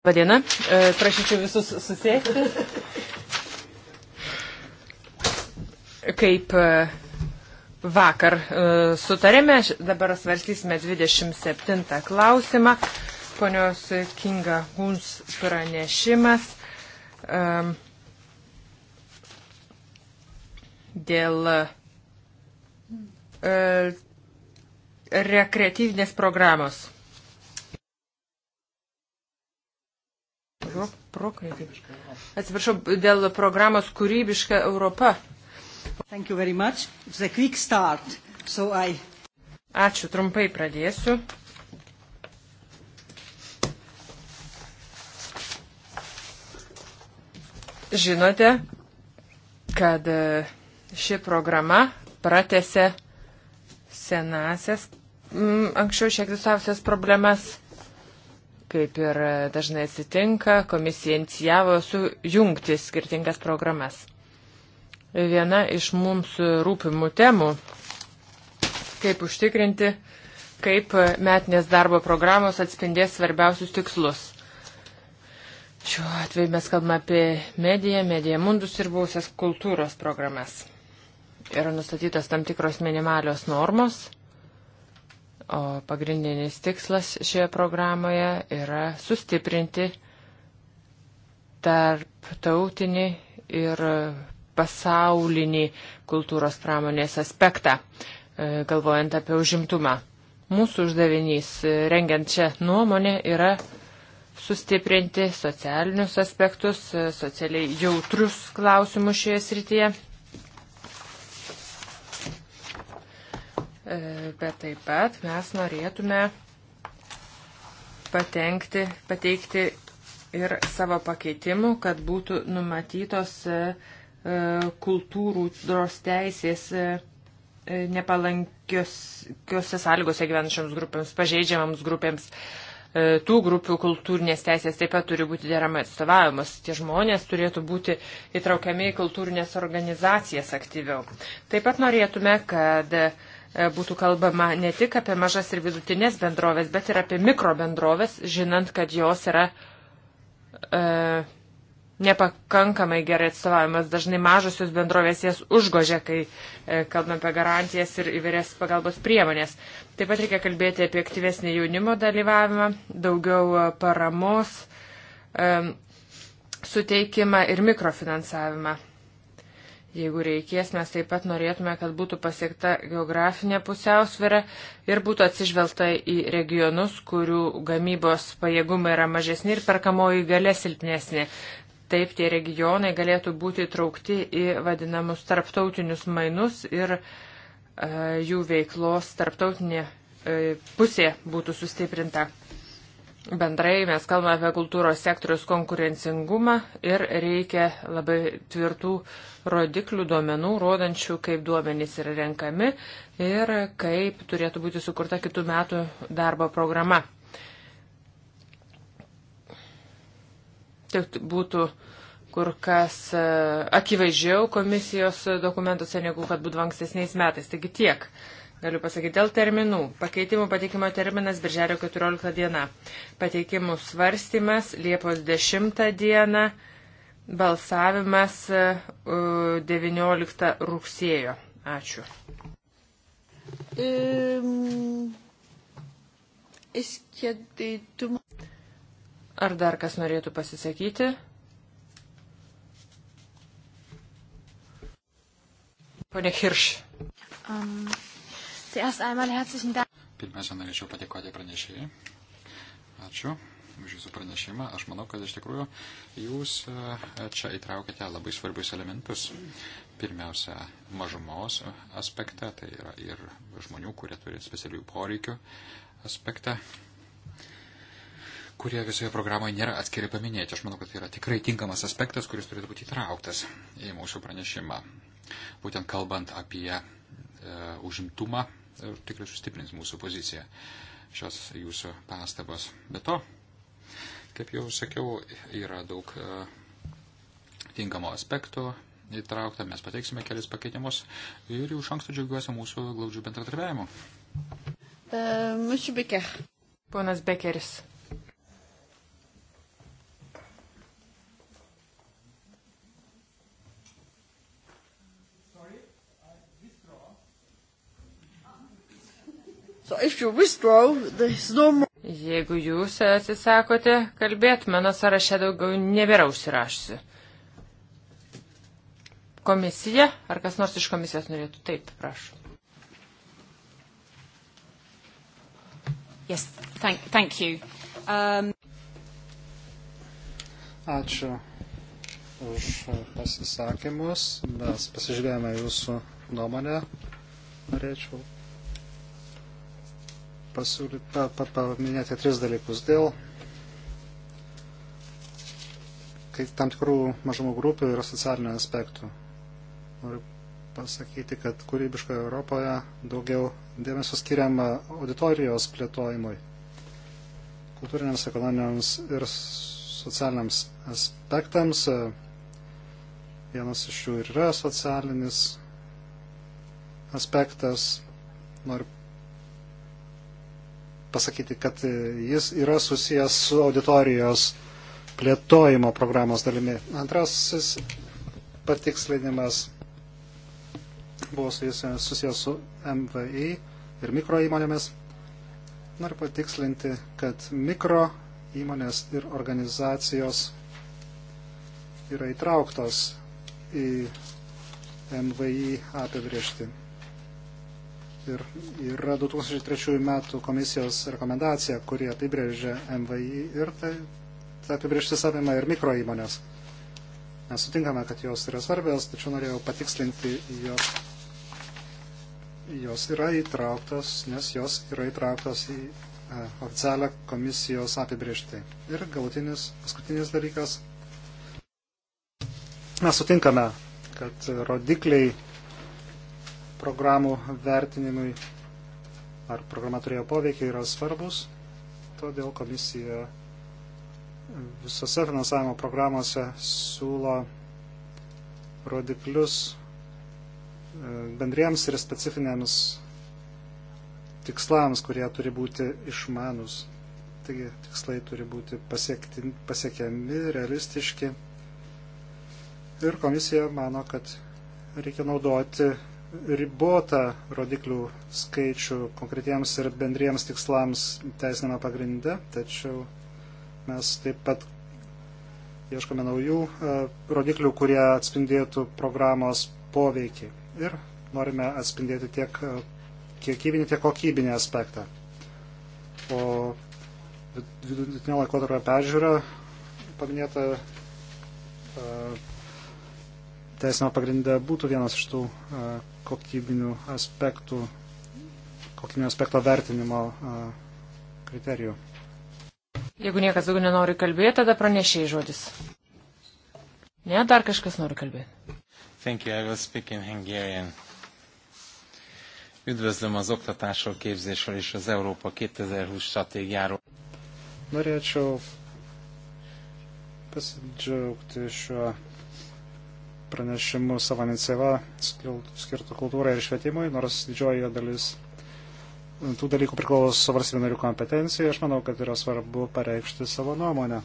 Labadiena, e, prašyčiau visus susėsti. Kaip e, vakar e, sutarėme, dabar svarstysime 27 klausimą. Ponios Kinga Huns pranešimas dėl rekreatyvinės programos. pro, prokretį. Atsiprašau, dėl programos kūrybiška Europa. Start, so I... Ačiū, trumpai pradėsiu. Žinote, kad e, ši programa pratėse senasias, m, anksčiau šiek egzistavusias problemas Kaip ir dažnai atsitinka, komisija inicijavo sujungti skirtingas programas. Viena iš mums rūpimų temų - kaip užtikrinti, kaip metinės darbo programos atspindės svarbiausius tikslus. Šiuo atveju mes kalbame apie mediją, mediją mundus ir buvusias kultūros programas. Yra nustatytos tam tikros minimalios normos O pagrindinis tikslas šioje programoje yra sustiprinti tarptautinį ir pasaulinį kultūros pramonės aspektą, e, galvojant apie užimtumą. Mūsų uždavinys, e, rengiant čia nuomonę, yra sustiprinti socialinius aspektus, e, socialiai jautrus klausimus šioje srityje. E, bet taip pat mes norėtume patenkti, pateikti ir savo pakeitimų, kad būtų numatytos e, e, kultūros teisės nepalankiose sąlygose gyvenančiams grupėms, pažeidžiamams grupėms. Tų grupių kultūrinės teisės taip pat turi būti deramai atstovavimas. Tie žmonės turėtų būti įtraukiami į kultūrinės organizacijas aktyviau. Taip pat norėtume, kad uh, E, būtų kalbama ne tik apie mažas ir vidutinės bendrovės, bet ir apie mikro bendrovės, žinant, kad jos yra e, nepakankamai gerai atstovavimas. Dažnai mažosios bendrovės jas užgožia, kai e, kalbame apie garantijas ir įvairias pagalbos priemonės. Taip pat reikia kalbėti apie aktyvesnį jaunimo dalyvavimą, daugiau e, paramos. E, suteikimą ir mikrofinansavimą. Jeigu reikės, mes taip pat norėtume, kad būtų pasiekta geografinė pusiausvėra ir būtų atsižvelgta į regionus, kurių gamybos pajėgumai yra mažesni ir perkamoji galia silpnesnė. Taip tie regionai galėtų būti traukti į vadinamus tarptautinius mainus ir e, jų veiklos tarptautinė e, pusė būtų sustiprinta. Bendrai mes kalbame apie kultūros sektorius konkurencingumą ir reikia labai tvirtų rodiklių duomenų, rodančių, kaip duomenys yra renkami ir kaip turėtų būti sukurta kitų metų darbo programa. Tai būtų kur kas e, akivaizdžiau komisijos dokumentuose, negu kad būtų ankstesniais metais. Taigi tiek. Uh, galiu pasakyti, dėl terminų. Pakeitimų pateikimo terminas birželio 14 diena. Pateikimų svarstymas Liepos 10 diena. Balsavimas 19 e, rugsėjo. Ačiū. Ar dar kas norėtų pasisakyti? Pone Hirš. Um. Pirmiausia, norėčiau padėkoti pranešėjai. Ačiū už Jūsų pranešimą. Aš manau, kad iš tikrųjų Jūs e, čia įtraukite labai svarbius elementus. Pirmiausia, mažumos aspektą, tai yra ir žmonių, kurie turi specialių poreikių aspektą kurie visoje programoje nėra atskiri paminėti. Aš manau, kad tai yra tikrai tinkamas aspektas, kuris turėtų būti įtrauktas į mūsų pranešimą. Būtent kalbant apie e, užimtumą tikrai sustiprins mūsų poziciją šios jūsų pastabos. Be to, kaip jau sakiau, yra daug e, tinkamo aspektų įtraukta, mes pateiksime kelias pakeitimus ir jau iš anksto džiaugiuosi mūsų glaudžių bendradarbiavimu. Uh, Ponas Bekeris. So if you withdraw, there's no more. Jeigu jūs atsisakote kalbėti, mano sąraše daugiau nebėra užsirašusi. Komisija, ar kas nors iš komisijos norėtų? Taip, prašau. Yes, thank, thank you. Um... Ačiū už pasisakymus. Mes pasižiūrėjome jūsų nuomonę. Norėčiau pasiūly, pa, pa, paminėti tris dalykus. Dėl kai tam tikrų mažumų grupių yra socialinių aspektų. Noriu pasakyti, kad kūrybiškoje Europoje daugiau dėmesio skiriama auditorijos plėtojimui, kultūriniams, ekonominiams ir socialiniams aspektams. Vienas iš jų ir yra socialinis aspektas. Noriu pasakyti, kad e, jis yra susijęs su auditorijos plėtojimo programos dalimi. Antrasis patikslinimas buvo susijęs su MVI ir mikro įmonėmis. Noriu patikslinti, kad mikro įmonės ir organizacijos yra įtrauktos į MVI apibriežti ir yra 2003 metų komisijos rekomendacija, kurie apibrėžia MVI ir tai, tai apibrėžtis apima ir mikro įmonės. Mes sutinkame, kad jos yra svarbios, tačiau norėjau patikslinti, jog jos yra įtrauktos, nes jos yra įtrauktos į e, oficialią komisijos apibriežtį. Ir galutinis, paskutinis dalykas. Mes sutinkame, kad rodikliai programų vertinimui, ar programa turėjo poveikį, yra svarbus. Todėl komisija visose finansavimo programuose siūlo rodiklius e, bendriems ir specifinėms tikslams, kurie turi būti išmanus. Taigi tikslai turi būti pasiekti, pasiekiami, realistiški. Ir komisija mano, kad reikia naudoti ribotą rodiklių skaičių konkretiems ir bendriems tikslams teisinėme pagrinde, tačiau mes taip pat ieškome naujų e, rodiklių, kurie atspindėtų programos poveikį ir norime atspindėti tiek e, kiekybinį, tiek kokybinį aspektą. O vidutinio laikotarpio peržiūra paminėta e, teisinio pagrindę būtų vienas iš tų e, kokybinių aspektų, kokybinio aspekto vertinimo e, kriterijų. Jeigu niekas daugiau nenori kalbėti, tada pranešiai žodis. Ne, dar kažkas nori kalbėti. Thank you, I will speak in Hungarian. Üdvözlöm az oktatásról, képzésről és az Európa 2020 stratégiáról. Norėčiau pasidžiaugti šiuo pranešimu savo iniciatyva skirtų kultūrai ir švietimui, nors didžioji dalis tų dalykų priklauso valstybių narių kompetencijai, aš manau, kad yra svarbu pareikšti savo nuomonę.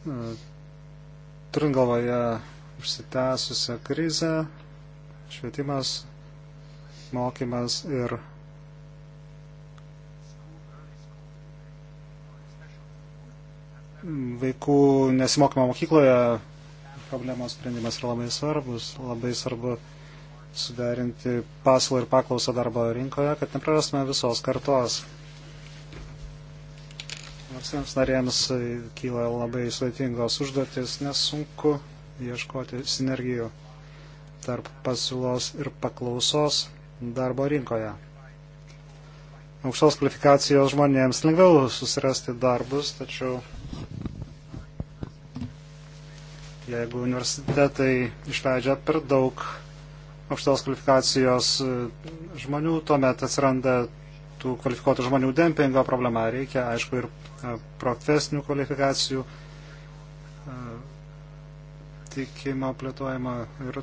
E, turint galvoje užsitęsusią krizę, švietimas, mokymas ir vaikų nesimokymo mokykloje problemos sprendimas yra labai svarbus, labai svarbu suderinti pasiūlą ir paklausą darbo rinkoje, kad neprarastume visos kartos. Valstybėms narėms kyla labai sudėtingos užduotis, nesunku ieškoti sinergijų tarp pasiūlos ir paklausos darbo rinkoje. Aukštos kvalifikacijos žmonėms lengviau susirasti darbus, tačiau jeigu universitetai išleidžia per daug aukštos kvalifikacijos e, žmonių, tuomet atsiranda tų kvalifikuotų žmonių dempingo problema. Reikia, aišku, ir e, profesinių kvalifikacijų e, tikimo plėtojimo ir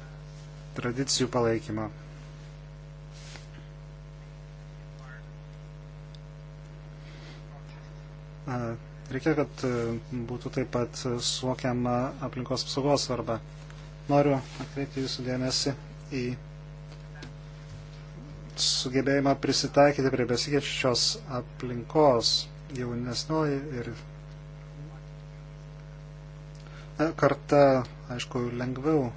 tradicijų palaikymą. Reikia, kad e, būtų taip pat suokiama aplinkos apsaugos svarba. Noriu atkreipti jūsų dėmesį į sugebėjimą prisitaikyti prie besikeičiančios aplinkos jaunesnioji ir karta, aišku, lengviau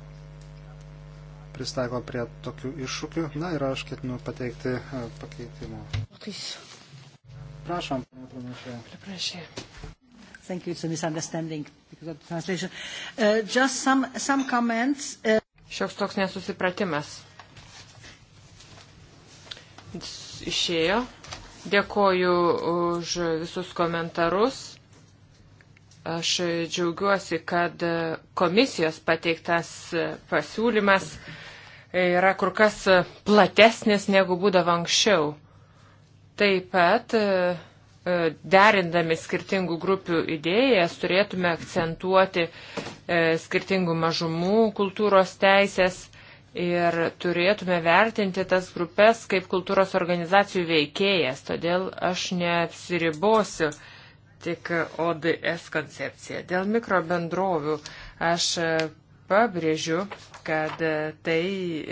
pristaiko prie tokių iššūkių. Na ir aš ketinu pateikti e, pakeitimų. Patys. Prašom, pranešė. Thank you, it's a misunderstanding because of the translation. Uh, just some, some comments. Uh... Šioks toks nesusipratimas. Išėjo. Dėkoju už visus komentarus. Aš džiaugiuosi, kad komisijos pateiktas pasiūlymas yra kur kas platesnis negu būdavo anksčiau. Taip pat e, e, derindami skirtingų grupių idėjas turėtume akcentuoti e, skirtingų mažumų kultūros teisės ir turėtume vertinti tas grupės kaip kultūros organizacijų veikėjas. Todėl aš neapsiribosiu tik ODS koncepciją. Dėl mikrobendrovių aš pabrėžiu, kad tai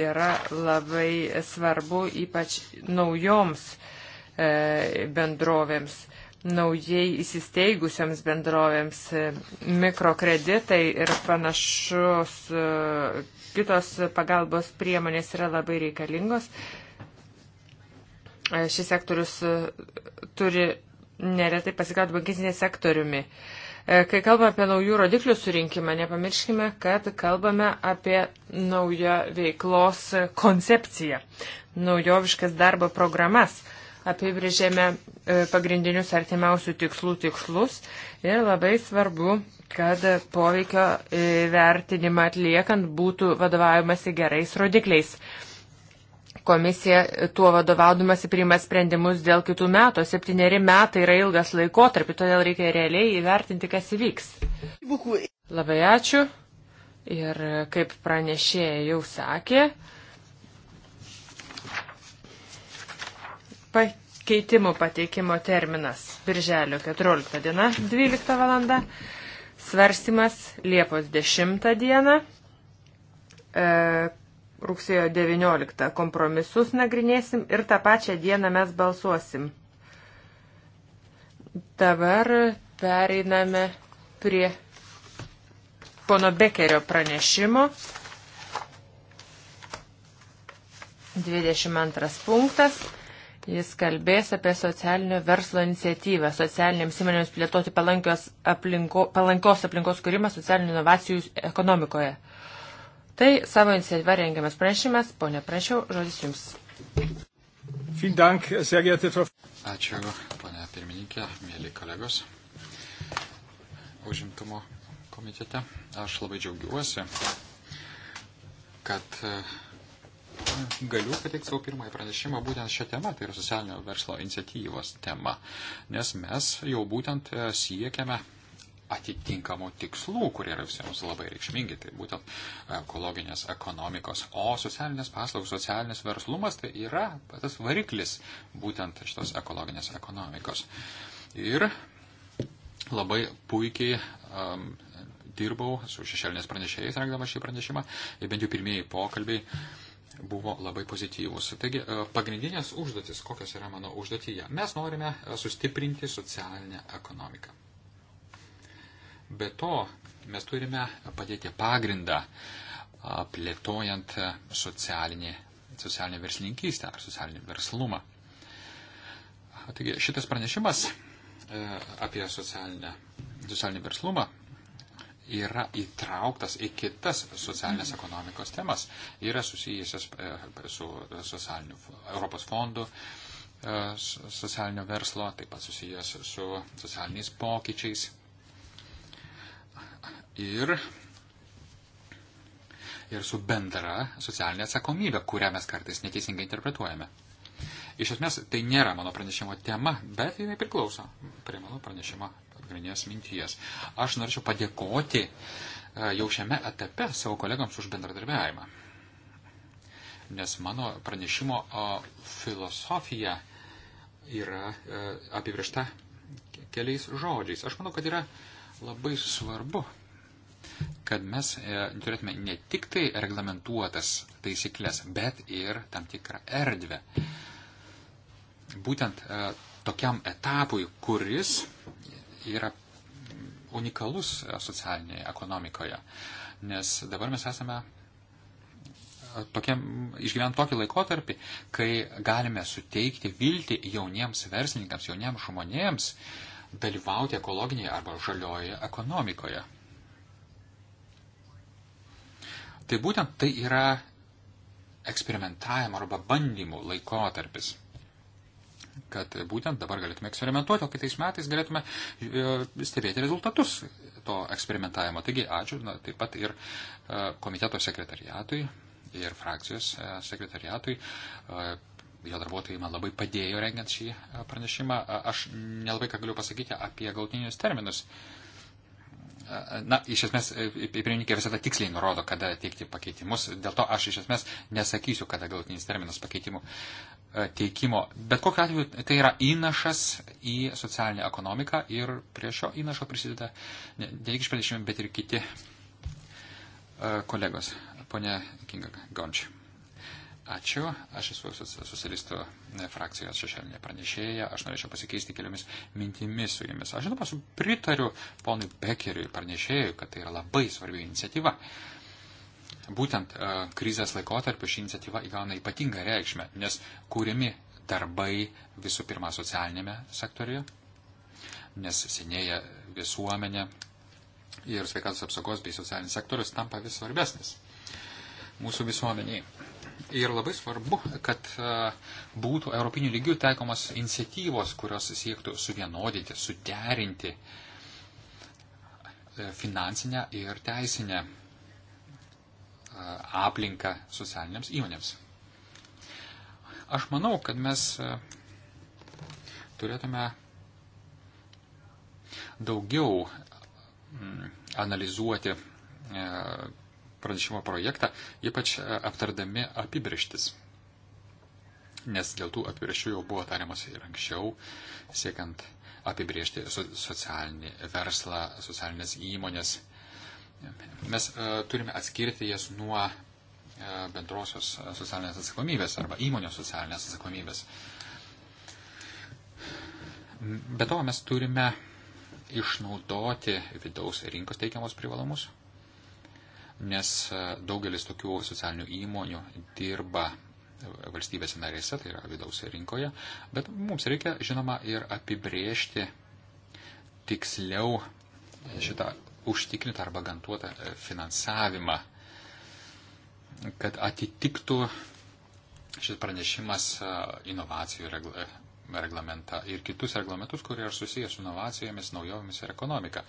yra labai svarbu ypač naujoms uh, E, bendrovėms, naujai įsisteigusiams bendrovėms, e, mikrokreditai ir panašus e, kitos pagalbos priemonės yra labai reikalingos. Šis sektorius turi neretai pasikauti bankisinė sektoriumi. Kai kalbame apie naujų rodiklių surinkimą, nepamirškime, kad kalbame apie naują veiklos koncepciją, naujoviškas darbo programas apibrėžėme e, pagrindinius artimiausių tikslų tikslus ir labai svarbu, kad poveikio e, vertinimą atliekant būtų vadovaujamasi gerais rodikliais. Komisija tuo vadovaudumasi priima sprendimus dėl kitų metų. Septyneri metai yra ilgas laikotarpis, todėl reikia realiai įvertinti, kas įvyks. Labai ačiū. Ir kaip pranešėjai jau sakė, pakeitimų pateikimo terminas birželio 14 diena 12 val. Svarstymas Liepos 10 dieną, e, rugsėjo 19 kompromisus nagrinėsim ir tą pačią dieną mes balsuosim. Dabar pereiname prie pono Bekerio pranešimo. 22 punktas Jis kalbės apie socialinio verslo iniciatyvą, socialinėms įmonėms plėtoti palankios, aplinko, palankios aplinkos kūrimą socialinių inovacijų ekonomikoje. Tai savo iniciatyvą rengiamas pranešimas. Pone, prašiau, žodis Jums. Ačiū, ponė pirmininkė, mėly kolegos. Užimtumo komitete. Aš labai džiaugiuosi, kad galiu pateikti savo pirmąjį pranešimą būtent šią temą, tai yra socialinio verslo iniciatyvos tema, nes mes jau būtent e, siekiame atitinkamų tikslų, kurie yra visiems labai reikšmingi, tai būtent e, ekologinės ekonomikos. O socialinės paslaugos, socialinis verslumas tai yra tas variklis būtent šitos ekologinės ekonomikos. Ir labai puikiai um, dirbau su šešėlinės pranešėjais, rengdama šį pranešimą, ir bent jau pirmieji pokalbiai buvo labai pozityvus. Taigi, e, pagrindinės užduotis, kokios yra mano užduotyje. Mes norime e, sustiprinti socialinę ekonomiką. Be to, mes turime padėti pagrindą e, plėtojant socialinį, socialinę verslininkystę ar socialinį verslumą. Taigi, šitas pranešimas apie socialinę, socialinį verslumą yra įtrauktas į kitas socialinės ekonomikos temas. Yra susijusias e, su socialiniu Europos fondu, e, socialinio verslo, taip pat susijęs su socialiniais pokyčiais. Ir, ir su bendra socialinė atsakomybė, kurią mes kartais neteisingai interpretuojame. Iš esmės, tai nėra mano pranešimo tema, bet jinai priklauso prie mano pranešimo pagrindinės minties. Aš norėčiau padėkoti e, jau šiame etape savo kolegams už bendradarbiavimą. Nes mano pranešimo e, filosofija yra e, apibriešta keliais žodžiais. Aš manau, kad yra labai svarbu, kad mes turėtume ne tik tai reglamentuotas taisyklės, bet ir tam tikrą erdvę. Būtent tokiam etapui, kuris yra unikalus socialinėje ekonomikoje. Nes dabar mes esame e, tokiam, išgyvent tokį laikotarpį, kai galime suteikti viltį jauniems verslininkams, jauniems žmonėms dalyvauti ekologinėje arba žaliojoje ekonomikoje. Tai būtent tai yra eksperimentavimo arba bandymų laikotarpis kad būtent dabar galėtume eksperimentuoti, o kitais metais galėtume e, stebėti rezultatus to eksperimentavimo. Taigi ačiū na, taip pat ir e, komiteto sekretariatui ir frakcijos e, sekretariatui. Jo darbuotojai man labai padėjo rengiant šį pranešimą. Aš nelabai ką galiu pasakyti apie gautinius terminus. Na, iš esmės, pirmininkė visada tiksliai nurodo, kada teikti pakeitimus. Dėl to aš iš esmės nesakysiu, kada galutinis terminas pakeitimų E, teikimo. Bet kokiu atveju tai yra įnašas į socialinę ekonomiką ir prie šio įnašo prisideda ne, ne tik išpranešimai, bet ir kiti e, kolegos. Pone Kinga Gončia. Ačiū. Aš esu socialistų e, frakcijos šešėlinė pranešėja. Aš norėčiau pasikeisti keliomis mintimis su jumis. Aš žinoma, pritariu ponui Bekeriui pranešėjui, kad tai yra labai svarbi iniciatyva. Uh, būtent e, krizės laikotarpiu ši iniciatyva įgauna ypatingą reikšmę, nes kūrimi darbai visų pirma socialinėme sektoriuje, nes senėja visuomenė ir sveikatos apsaugos bei socialinis sektorius tampa vis svarbesnis mūsų visuomeniai. Ir labai svarbu, kad e, būtų europinių lygių taikomas iniciatyvos, kurios siektų suvienodinti, suderinti e, finansinę ir teisinę aplinką socialiniams įmonėms. Aš manau, kad mes turėtume daugiau analizuoti pranešimo projektą, ypač aptardami apibrištis. Nes dėl tų apibriščių jau buvo tariamas ir anksčiau, siekiant apibriežti socialinį verslą, socialinės įmonės, Mes e, turime atskirti jas nuo e, bendrosios socialinės atsakomybės arba įmonės socialinės atsakomybės. Be to mes turime išnaudoti vidaus rinkos teikiamus privalumus, nes e, daugelis tokių socialinių įmonių dirba valstybėse narėse, tai yra vidaus rinkoje, bet mums reikia, žinoma, ir apibriežti tiksliau šitą užtikrintą arba garantuotą e, finansavimą, kad atitiktų šis pranešimas e, inovacijų regla, e, reglamentą ir kitus reglamentus, kurie yra susijęs su inovacijomis, naujovėmis ir ekonomika.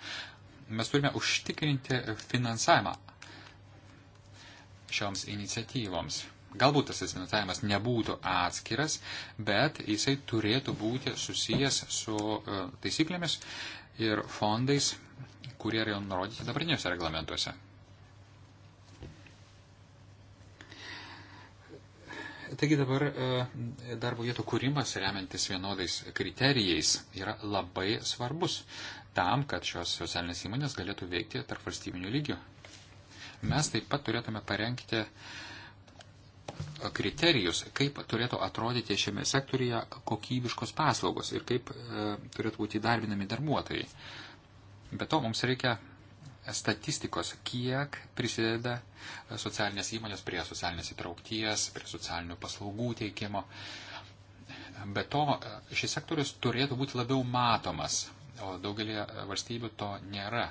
Mes turime užtikrinti finansavimą šioms iniciatyvoms. Galbūt tas finansavimas nebūtų atskiras, bet jisai turėtų būti susijęs su taisyklėmis ir fondais kurie yra nurodyti dabartiniuose reglamentuose. Taigi dabar e, darbo vietų kūrimas remiantis vienodais kriterijais yra labai svarbus tam, kad šios socialinės įmonės galėtų veikti tarp valstybinių lygių. Mes taip pat turėtume parengti e, kriterijus, kaip turėtų atrodyti šiame sektorija kokybiškos paslaugos ir kaip e, turėtų būti įdarbinami darbuotojai. E, Be to mums reikia statistikos, kiek prisideda e, socialinės įmonės prie socialinės įtraukties, prie socialinių paslaugų teikimo. Be to, e, šis sektorius turėtų būti labiau matomas, o daugelį e, valstybių to nėra.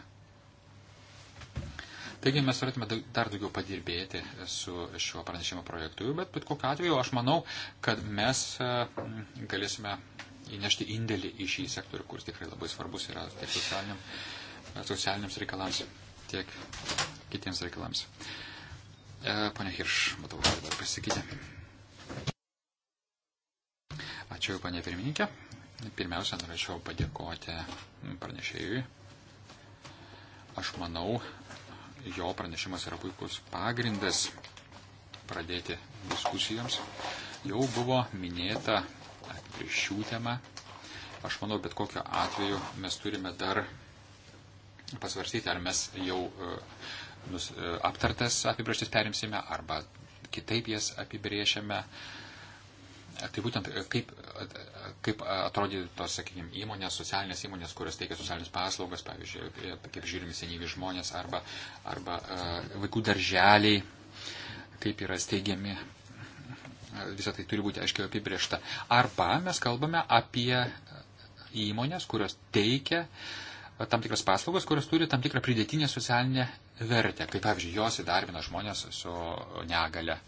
Taigi mes turėtume dar daugiau padirbėti su šiuo pranešimo projektu, bet bet kokiu atveju aš manau, kad mes galėsime įnešti indėlį į šį sektorių, kuris tikrai labai svarbus yra tiek socialiniam, e, socialiniams reikalams, tiek kitiems reikalams. E, Pone Hirš, matau, kad dar pasikeitė. Ačiū, panė pirmininkė. Pirmiausia, norėčiau padėkoti pranešėjui. Aš manau, jo pranešimas yra puikus pagrindas pradėti diskusijoms. Jau buvo minėta ryšių tema. Aš manau, bet kokiu atveju mes turime dar pasvarstyti, ar mes jau e, nus, e, aptartas apibrieštis perimsime, arba kitaip jas apibriešime. E, tai būtent kaip, kaip atrodytų tos, sakykime, įmonės, socialinės įmonės, kurios teikia socialinės paslaugas, pavyzdžiui, kaip žiūrimi senyvi žmonės, arba, arba vaikų darželiai, kaip yra steigiami visą tai turi būti aiškiai apibriešta. Arba mes kalbame apie įmonės, kurios teikia e, tam tikras paslaugas, kurios turi tam tikrą pridėtinę socialinę vertę, kaip pavyzdžiui, jos įdarbina žmonės su negale.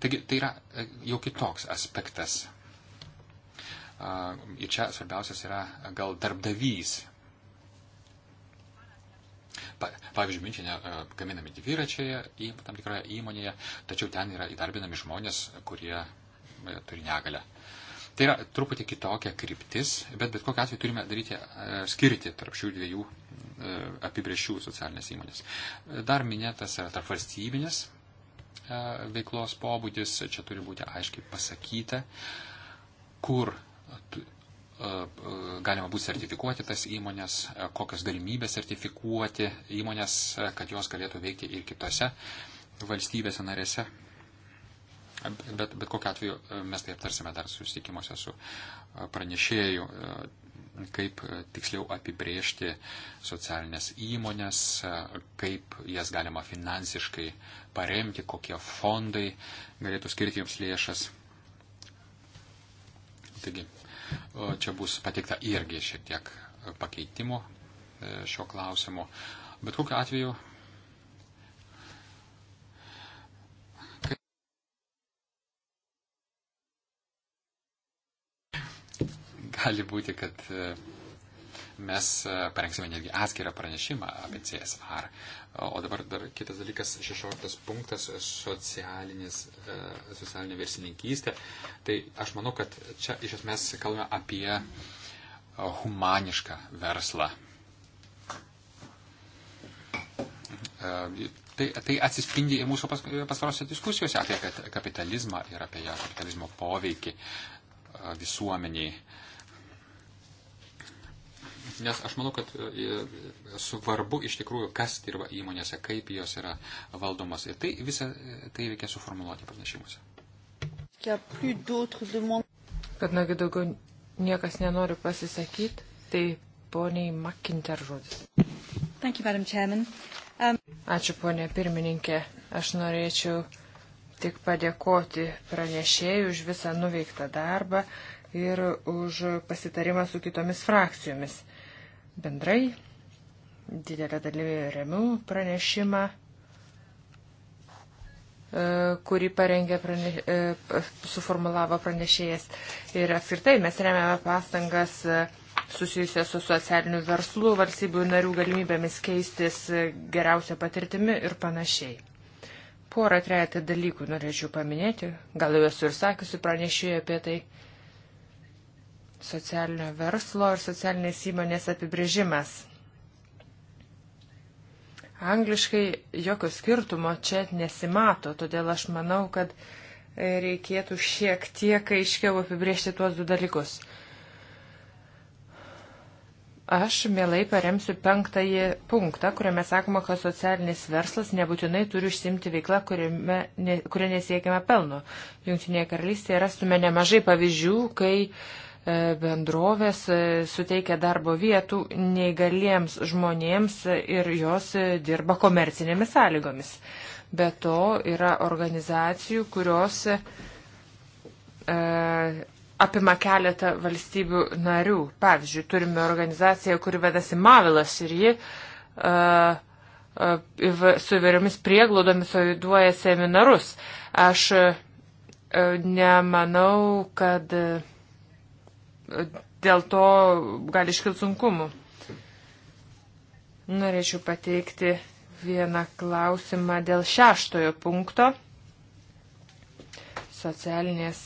Taigi tai yra e, jau kitoks aspektas. Ir čia svarbiausias yra gal darbdavys pavyzdžiui, Münchenė e, gaminami dviračiai į tam tikroje įmonėje, tačiau ten yra įdarbinami žmonės, kurie e, turi negalę. Tai yra truputį kitokia kryptis, bet bet kokiu atveju turime daryti, e, skirti tarp šių dviejų apibriešių socialinės įmonės. Dar minėtas yra tarp valstybinės veiklos pobūdis, čia turi būti aiškiai pasakyta, kur galima bus sertifikuoti tas įmonės, e, kokios galimybės sertifikuoti įmonės, e, kad jos galėtų veikti ir kitose valstybėse narėse. Bet, bet kokiu atveju e, mes tai aptarsime dar susitikimuose su pranešėju, kaip tiksliau apibriežti socialinės įmonės, kaip jas galima finansiškai paremti, kokie fondai galėtų skirti jums lėšas. Taigi, Čia bus pateikta irgi šiek tiek pakeitimo e, šio klausimo. Bet kokiu atveju. Kai... Gali būti, kad e, mes e, parengsime netgi atskirą pranešimą apie CSR. O dabar dar kitas dalykas, 16 punktas - e, socialinė versininkystė. Tai aš manau, kad čia iš esmės kalbame apie e, humanišką verslą. Tai, tai atsispindi ir mūsų pas, pasvarose diskusijose apie kapitalizmą ir apie ją kapitalizmo poveikį visuomeniai. Uh, Nes aš manau, kad e, e, svarbu iš tikrųjų, kas dirba įmonėse, kaip jos yra valdomas. Ir tai visą e, tai reikia suformuoluoti pranešimuose. Kad nagi daugiau niekas nenori pasisakyti, tai poniai Makinter žodis. Thank you, Madam Chairman. Um... Ačiū, ponė pirmininkė. Aš norėčiau tik padėkoti pranešėjų už visą nuveiktą darbą ir už pasitarimą su kitomis frakcijomis bendrai. Didelę dalimi remiu pranešimą, e, kurį parengė, prane, e, suformulavo pranešėjas. Ir apskritai mes remiame pastangas e, susijusios su socialiniu verslu, valstybių narių galimybėmis keistis geriausia patirtimi ir panašiai. Porą trejatą dalykų norėčiau paminėti, gal jau esu ir sakiusi pranešėjai apie tai socialinio verslo ir socialinės įmonės apibrėžimas. Angliškai jokio skirtumo čia nesimato, todėl aš manau, kad reikėtų šiek tiek aiškiau apibriežti tuos du dalykus. Aš mielai paremsiu penktąjį punktą, kuriame sakoma, kad socialinis verslas nebūtinai turi užsimti veiklą, kuriame, ne, kuria nesiekiama pelno. Junktinėje karalystėje rastume nemažai pavyzdžių, kai uh, E, bendrovės e, suteikia darbo vietų neįgaliems žmonėms ir jos e, dirba komercinėmis sąlygomis. Be to yra organizacijų, kurios apima keletą valstybių narių. Pavyzdžiui, turime organizaciją, kuri vadasi Mavilas ir ji su įvairiomis prieglaudomis oiduoja seminarus. Aš nemanau, kad uh, dėl to gali iškilti sunkumų. Norėčiau pateikti vieną klausimą dėl šeštojo punkto socialinės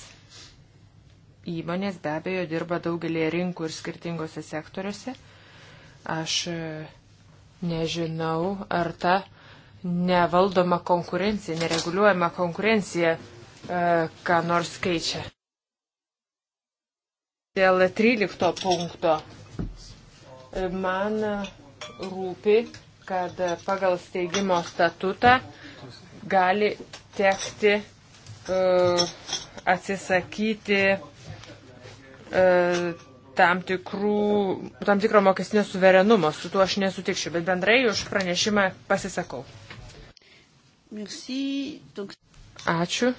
įmonės be abejo dirba daugelį rinkų ir skirtingose sektoriuose. Aš e, nežinau, ar ta nevaldoma konkurencija, nereguliuojama konkurencija e, ką nors keičia. Dėl 13 punkto man rūpi, kad pagal steigimo statutą gali tekti uh, atsisakyti uh, tam, tikrų, tam tikro mokestinio suverenumo. Su tuo aš nesutikšiu, bet bendrai už pranešimą pasisakau. Merci. Ačiū.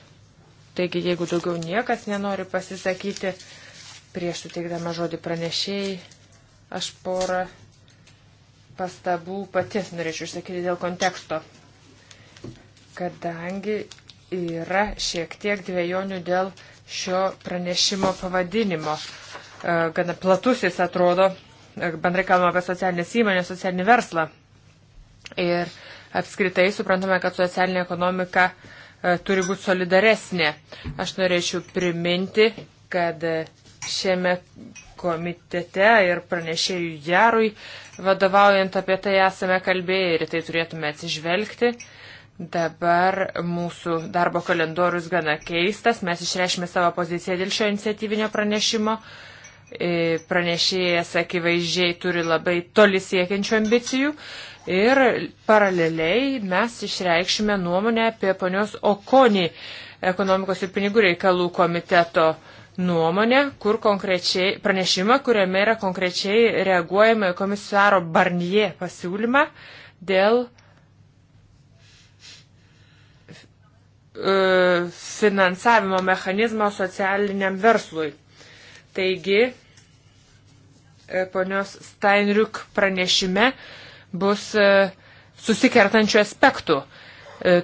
Taigi, jeigu daugiau niekas nenori pasisakyti, Prieš suteikdama žodį pranešėjai, aš porą pastabų pati norėčiau išsakyti dėl konteksto. Kadangi yra šiek tiek dviejonių dėl šio pranešimo pavadinimo. E, gana platus jis atrodo, e, bendrai kalbama apie socialinės įmonės, socialinį verslą. Ir apskritai suprantame, kad socialinė ekonomika e, turi būti solidaresnė. Aš norėčiau priminti, kad šiame komitete ir pranešėjų Jarui, vadovaujant apie tai esame kalbėję ir tai turėtume atsižvelgti. Dabar mūsų darbo kalendorius gana keistas, mes išreiškime savo poziciją dėl šio iniciatyvinio pranešimo. E, pranešėjas akivaizdžiai turi labai toli siekiančių ambicijų ir paraleliai mes išreikšime nuomonę apie ponios Okonį ekonomikos ir pinigų reikalų komiteto uh, nuomonę, kur konkrečiai, pranešimą, kuriame yra konkrečiai reaguojama į komisaro Barnie pasiūlymą dėl e, finansavimo mechanizmo socialiniam verslui. Taigi, e, ponios Steinriuk pranešime bus e, susikertančių aspektų.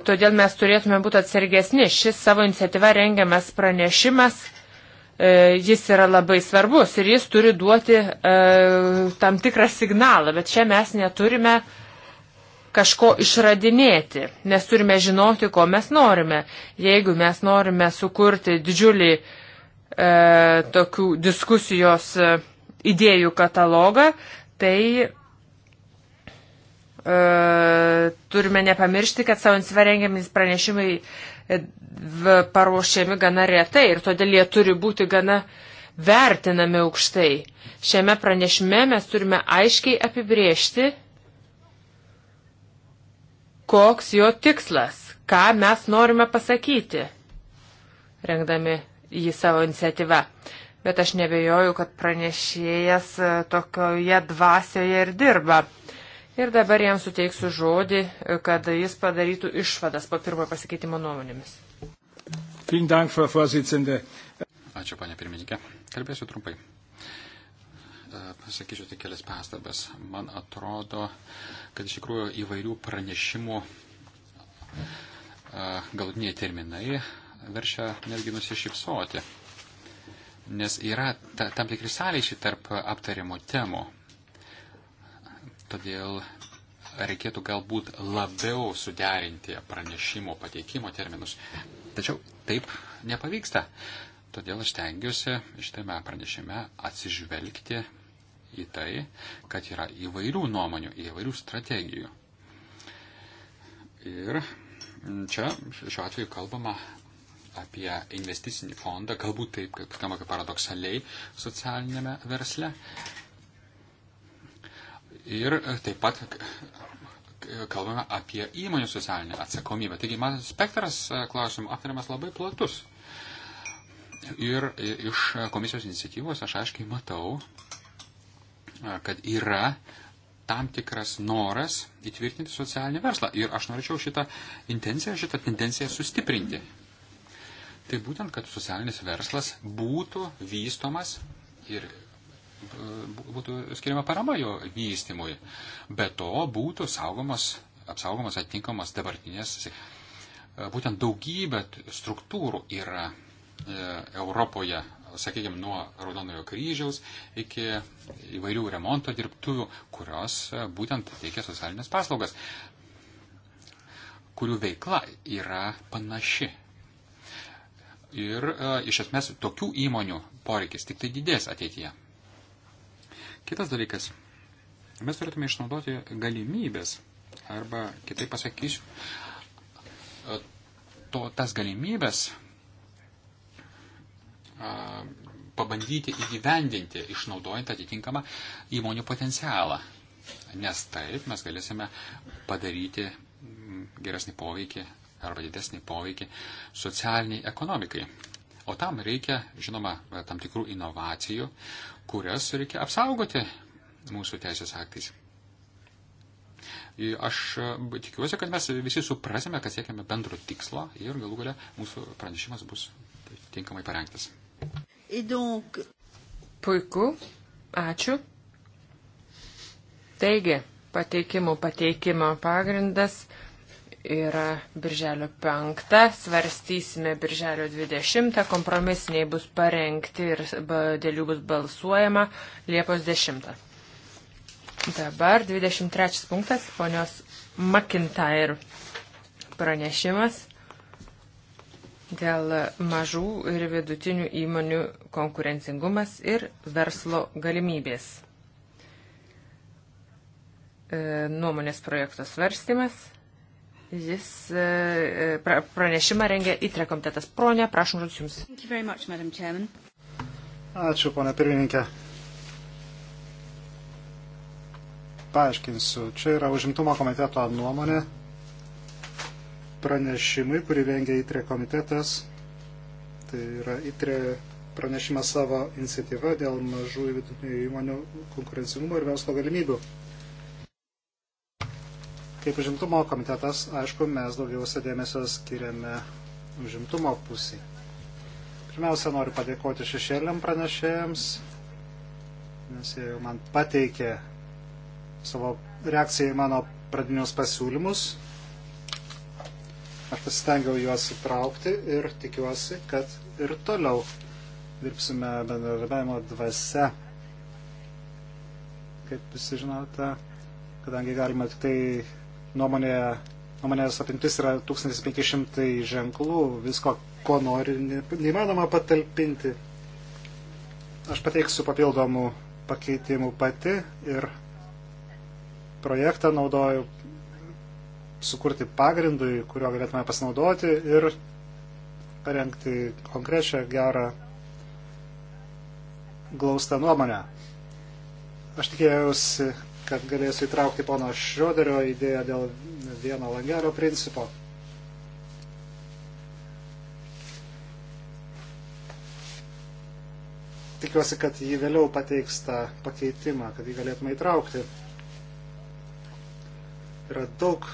Todėl mes turėtume būti atsargesni. Šis savo iniciatyva rengiamas pranešimas E, jis yra labai svarbus ir jis turi duoti e, tam tikrą signalą, bet čia mes neturime kažko išradinėti, nes turime žinoti, ko mes norime. Jeigu mes norime sukurti didžiulį e, tokių diskusijos e, idėjų katalogą, tai e, turime nepamiršti, kad savo rengiamis pranešimai paruošiami gana retai ir todėl jie turi būti gana vertinami aukštai. Šiame pranešime mes turime aiškiai apibriežti, koks jo tikslas, ką mes norime pasakyti, rengdami jį savo iniciatyvą. Bet aš nebejoju, kad pranešėjas e, tokioje dvasioje ir dirba. Ir dabar jam suteiksiu žodį, kad jis padarytų išvadas po pirmojo pasikeitimo nuomonėmis. Ačiū, panė pirmininkė. Kalbėsiu trumpai. E, pasakysiu tik kelias pastabas. Man atrodo, kad iš tikrųjų įvairių pranešimų e, galutiniai terminai verčia netgi nusišypsoti. Nes yra ta, tam tikri sąlyšiai tarp aptariamų temų. Todėl reikėtų galbūt labiau suderinti pranešimo pateikimo terminus. Tačiau taip nepavyksta. Todėl aš tengiuosi šitame pranešime atsižvelgti į tai, kad yra įvairių nuomonių, įvairių strategijų. Ir čia šiuo atveju kalbama apie investicinį fondą, galbūt taip, kaip skamba paradoksaliai socialinėme versle, Ir taip pat kalbame apie įmonių socialinę atsakomybę. Taigi, man spektras e, klausimų aptariamas labai platus. Ir iš komisijos iniciatyvos aš aiškiai matau, e, kad yra tam tikras noras įtvirtinti socialinį verslą. Ir aš norėčiau šitą intenciją, šitą tendenciją sustiprinti. Tai būtent, kad socialinis verslas būtų vystomas ir būtų skiriama parama jo vystimui. Be to būtų saugomas, apsaugomas atitinkamas dabartinės. E, būtent daugybė struktūrų yra e, Europoje, sakykime, nuo Raudonojo kryžiaus iki įvairių remonto dirbtuvių, kurios e, būtent teikia socialinės paslaugas, kurių veikla yra panaši. Ir e, iš esmės tokių įmonių poreikis tik tai didės ateityje. Kitas dalykas. Mes turėtume išnaudoti galimybės, arba kitaip pasakysiu, to, tas galimybės a, pabandyti įgyvendinti, išnaudojant atitinkamą įmonių potencialą. Nes taip mes galėsime padaryti geresnį poveikį arba didesnį poveikį socialiniai ekonomikai. O tam reikia, žinoma, tam tikrų inovacijų, kurias reikia apsaugoti mūsų teisės aktais. Aš e, tikiuosi, kad mes visi suprasime, kad siekiame bendro tikslo ir galų galę mūsų pranešimas bus tinkamai parengtas. Donc... Puiku, ačiū. Taigi, pateikimų pateikimo pagrindas yra birželio 5, svarstysime birželio 20, kompromisiniai bus parengti ir dėl jų bus balsuojama Liepos 10. Dabar 23 punktas, ponios McIntyre pranešimas dėl mažų ir vidutinių įmonių konkurencingumas ir verslo galimybės. E, nuomonės projektos svarstymas. Jis e, e, pra, pranešimą rengia įtre komitetas. Pronė, prašom žodžius jums. Ačiū, ponė pirmininkė. Paaiškinsiu. Čia yra užimtumo komiteto nuomonė pranešimui, kurį rengia įtre komitetas. Tai yra įtre pranešimas savo iniciatyva dėl mažų ir vidutinių įmonių konkurencingumo ir verslo galimybių. Kaip užimtumo komitetas, aišku, mes daugiausia dėmesio skiriame užimtumo pusį. Pirmiausia, noriu padėkoti šešėliam pranešėjams, nes jie jau man pateikė savo reakciją į mano pradinius pasiūlymus. Aš pasistengiau juos įtraukti ir tikiuosi, kad ir toliau dirbsime bendradarbiavimo dvasia. Kaip visi žinote, kadangi galima tik tai nuomonėje, nuomonės apimtis yra 1500 ženklų, visko, ko nori, neįmanoma patalpinti. Aš pateiksiu papildomų pakeitimų pati ir projektą naudoju sukurti pagrindui, kuriuo galėtume pasinaudoti ir parengti konkrečią gerą glaustą nuomonę. Aš tikėjausi kad galėsiu įtraukti pono Šrioderio idėją dėl vieno langelio principo. Tikiuosi, kad jį vėliau pateiks tą pakeitimą, kad jį galėtume įtraukti. Yra daug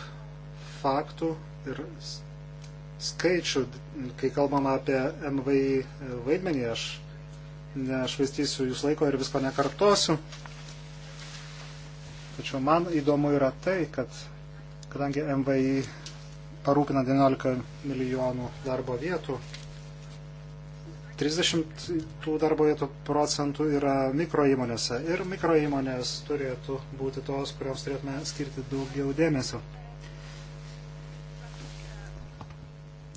faktų ir skaičių, kai kalbama apie MVI vaidmenį, aš nešvaistysiu jūs laiko ir visko nekartosiu. Tačiau man įdomu yra tai, kad kadangi MVI parūpina 19 milijonų darbo vietų, 30 tų darbo vietų procentų yra mikro įmonėse ir mikro įmonės turėtų būti tos, kurios turėtume skirti daugiau dėmesio.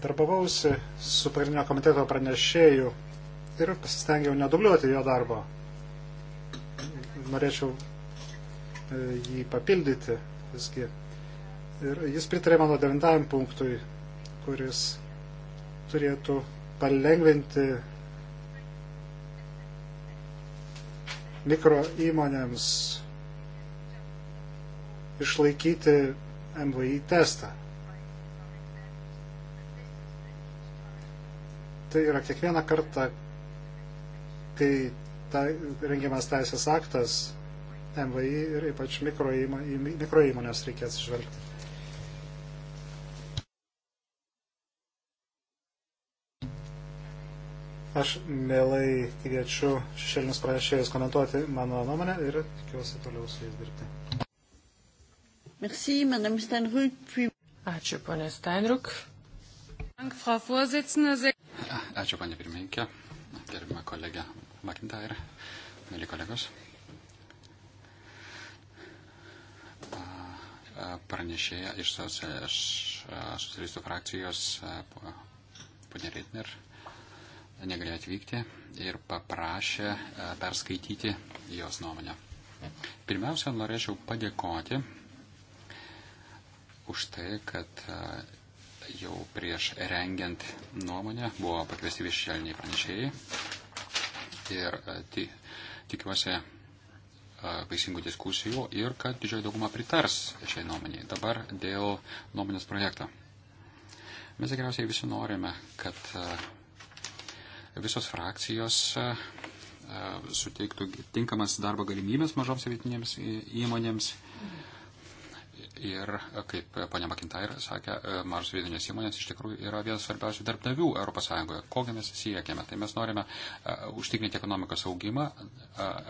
Darbavausi su pagrindinio komiteto pranešėju ir pasistengiau nedubliuoti jo darbo. Norėčiau E, jį papildyti visgi. Ir jis pritarė mano devintajam punktui, kuris turėtų palengventi mikro įmonėms išlaikyti MVI testą. Tai yra kiekvieną kartą, kai ta, rengiamas teisės aktas MVI ir ypač mikroįmonės reikės žvelgti. Aš mielai kviečiu šešėlinius pranešėjus komentuoti mano nuomonę ir tikiuosi toliau su jais dirbti. Merci, Madame Steinrück. Puis... Ačiū, ponė Steinrück. Ačiū, ponė pirmininkė, gerbima kolegė McIntyre, mėly kolegos. pranešėja iš socialistų frakcijos, ponė Reitner, negalėjo atvykti ir paprašė perskaityti jos nuomonę. Pirmiausia, norėčiau padėkoti už tai, kad jau prieš rengiant nuomonę buvo pakviesti viešėliniai pranešėjai ir tikiuosi vaisingų diskusijų ir kad didžioji dauguma pritars šiai nuomonėje. Dabar dėl nuomonės projekto. Mes tikriausiai visi norime, kad visos frakcijos suteiktų tinkamas darbo galimybės mažoms vietinėms įmonėms Ir kaip ponia Makintair sakė, mažos vidinės įmonės iš tikrųjų yra vienas svarbiausių darbdavių ES. Kogi mes siekiame? Tai mes norime užtikrinti ekonomikos augimą,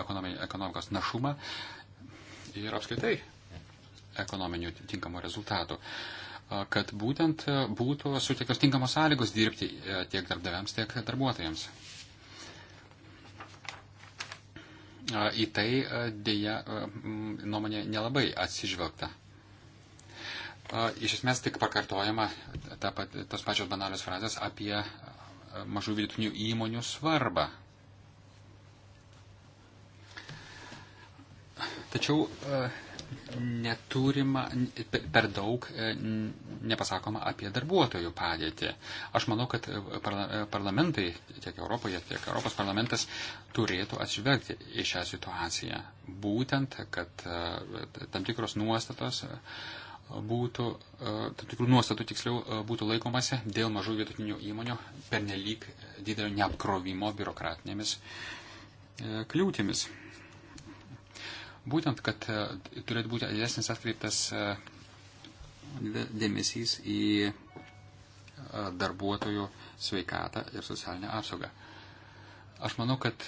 ekonomikos našumą ir apskaitai ekonominių tinkamų rezultatų kad būtent būtų suteiktos tinkamos sąlygos dirbti tiek darbdaviams, tiek darbuotojams. Į tai dėja nuomonė nelabai atsižvelgta iš esmės tik pakartojama ta, tos pačios banalios frazės apie mažų vidutinių įmonių svarbą. Tačiau neturima per daug nepasakoma apie darbuotojų padėtį. Aš manau, kad parlamentai tiek Europoje, tiek Europos parlamentas turėtų atsižvelgti į šią situaciją. Būtent, kad tam tikros nuostatos uh, būtų, e, tam tikrų nuostatų tiksliau e, būtų laikomasi dėl mažų vidutinių įmonių pernelyg didelio neapkrovimo biurokratinėmis e, kliūtimis. Būtent, kad turėtų būti didesnis atkreiptas dėmesys į darbuotojų sveikatą ir socialinę apsaugą. Aš manau, kad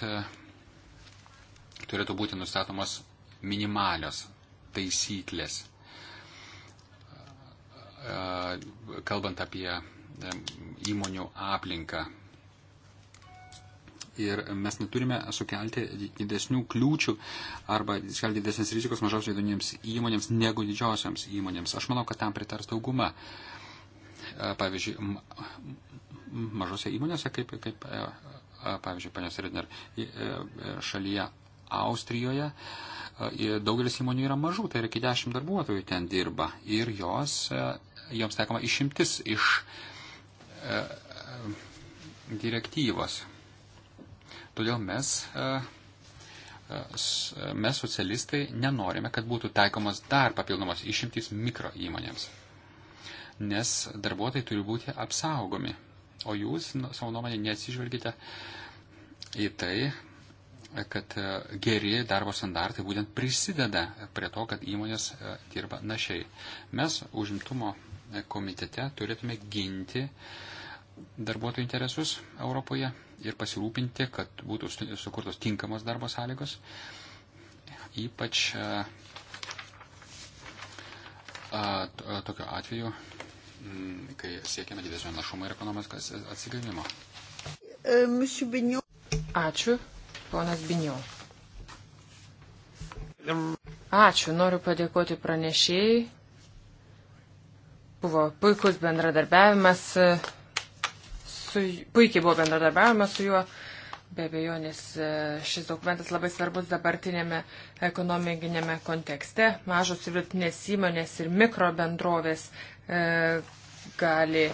turėtų būti nustatomos minimalios taisyklės E, kalbant apie e, įmonių aplinką. Ir mes neturime sukelti didesnių kliūčių arba sukelti didesnės rizikos mažoms vidutinėms įmonėms negu didžiosiams įmonėms. Aš manau, kad tam pritars dauguma. E, pavyzdžiui, mažose įmonėse, kaip, kaip pavyzdžiui, panės Redner šalyje Austrijoje, daugelis įmonių yra mažų, tai yra iki dešimt darbuotojų ten dirba ir jos joms taikoma išimtis iš e, e direktyvos. Todėl mes, e, e, e, mes socialistai nenorime, kad būtų taikomas dar papildomos išimtis mikro įmonėms, nes darbuotojai turi būti apsaugomi, o jūs savo nuomonę neatsižvelgite į tai, kad geri darbo standartai būtent prisideda prie to, kad įmonės dirba našiai. Mes užimtumo komitete turėtume ginti darbuotojų interesus Europoje ir pasirūpinti, kad būtų sukurtos tinkamos darbo sąlygos, ypač e, a, a, tokio atveju, m, kai siekiame didesnio našumo ir ekonomikos atsigavimo. E, Ačiū, ponas Binio. Ačiū, noriu padėkoti pranešėjai Buvo puikus bendradarbiavimas, e, su, puikiai buvo bendradarbiavimas su juo. Be abejo, nes e, šis dokumentas labai svarbus dabartinėme ekonominėme kontekste. Mažos ir vidutinės įmonės ir mikro bendrovės e, gali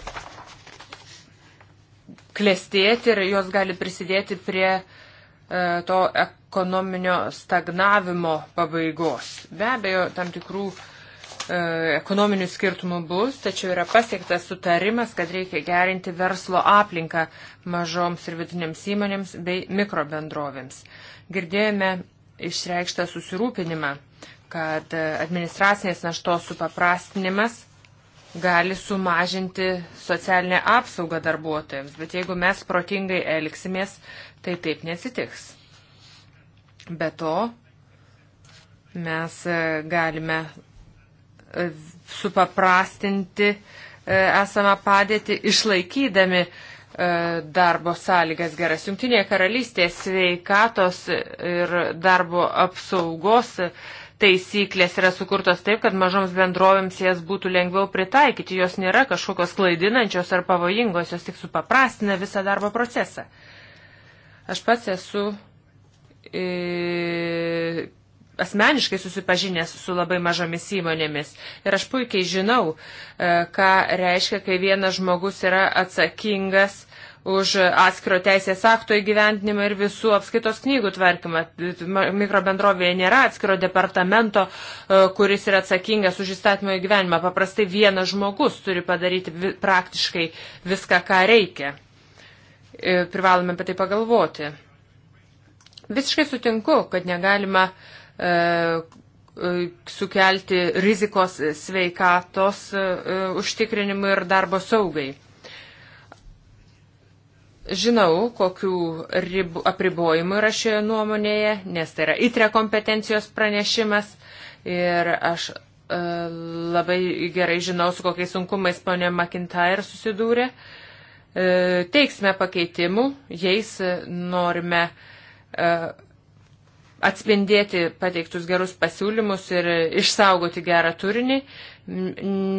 klestėti ir jos gali prisidėti prie e, to ekonominio stagnavimo pabaigos. Be abejo, tam tikrų e, E, ekonominių skirtumų bus, tačiau yra pasiektas sutarimas, kad reikia gerinti verslo aplinką mažoms ir vidutinėms įmonėms bei mikrobendrovėms. Girdėjome išreikštą susirūpinimą, kad administracinės naštos supaprastinimas gali sumažinti socialinę apsaugą darbuotojams, bet jeigu mes protingai elgsimės, tai taip nesitiks. Be to, mes e, galime supaprastinti e, esamą padėtį, išlaikydami e, darbo sąlygas geras. Junktinėje karalystėje sveikatos ir darbo apsaugos taisyklės yra sukurtos taip, kad mažoms bendrovėms jas būtų lengviau pritaikyti, jos nėra kažkokios klaidinančios ar pavojingos, jos tik supaprastina visą darbo procesą. Aš pats esu e, asmeniškai susipažinęs su labai mažomis įmonėmis ir aš puikiai žinau, e, ką reiškia, kai vienas žmogus yra atsakingas už atskiro teisės akto įgyvendinimą ir visų apskaitos knygų tvarkymą. Mikrobendrovėje nėra atskiro departamento, e, kuris yra atsakingas už įstatymo įgyvendinimą. Paprastai vienas žmogus turi padaryti praktiškai viską, ką reikia. E, privalome apie tai pagalvoti. Visiškai sutinku, kad negalima uh, E, e, sukelti rizikos sveikatos e, užtikrinimui ir darbo saugai. Žinau, kokių rib, apribojimų yra šioje nuomonėje, nes tai yra įtre kompetencijos pranešimas ir aš e, labai gerai žinau, su kokiais sunkumais ponė McIntyre susidūrė. E, teiksime pakeitimų, jais norime e, atspindėti pateiktus gerus pasiūlymus ir išsaugoti gerą turinį.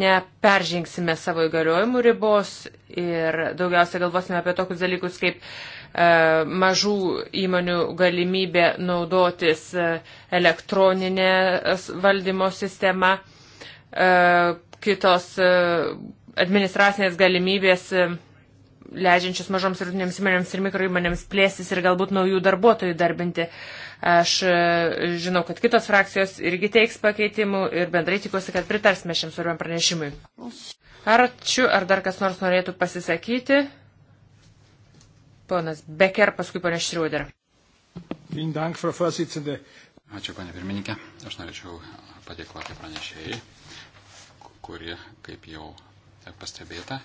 Neperžingsime savo įgaliojimų ribos ir daugiausia galvosime apie tokius dalykus kaip e, mažų įmonių galimybė naudotis e, elektroninė valdymo sistema, e, kitos administracinės galimybės leidžiančios mažoms ir vidutinėms įmonėms ir mikroįmonėms plėsis ir galbūt naujų darbuotojų darbinti. Uh, Aš e, žinau, kad kitos frakcijos irgi teiks pakeitimų ir bendrai tikiuosi, kad pritarsime šiam svarbiam pranešimui. Ačiū, ar dar kas nors norėtų pasisakyti? Ponas Becker, paskui ponas Šriuder. Ačiū, panė pirmininkė. Aš norėčiau padėkoti pranešėjai, kuri, kaip jau pastebėta,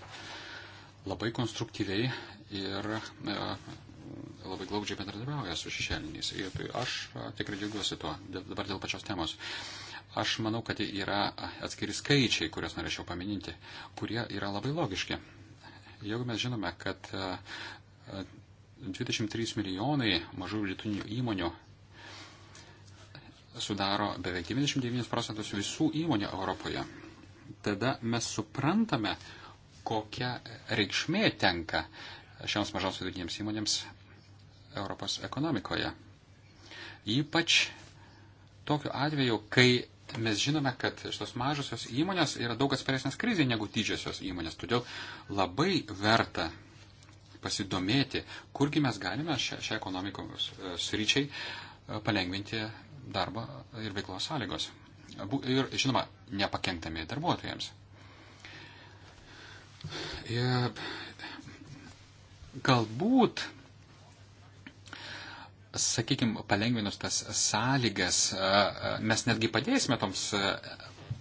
labai konstruktyviai ir e, labai glaudžiai bendradarbiauja su šešėliniais. Ir tai aš tikrai džiaugiuosi tuo. Dabar dėl pačios temos. Aš manau, kad yra atskiri skaičiai, kuriuos norėčiau paminėti, kurie yra labai logiški. Jeigu mes žinome, kad 23 milijonai mažų rytinių įmonių sudaro beveik 99 procentus visų įmonių Europoje, tada mes suprantame, kokia reikšmė tenka šioms mažos vidutinėms įmonėms Europos ekonomikoje. Ypač tokiu atveju, kai mes žinome, kad šitos mažosios įmonės yra daug atsparesnės kriziai negu didžiosios įmonės. Todėl labai verta pasidomėti, kurgi mes galime šią, šią ekonomikos e, sryčiai e, palengvinti darbo ir veiklos sąlygos. Ir, žinoma, nepakenktami darbuotojams. Ir e, galbūt sakykime, palengvinus tas sąlygas, mes netgi padėsime toms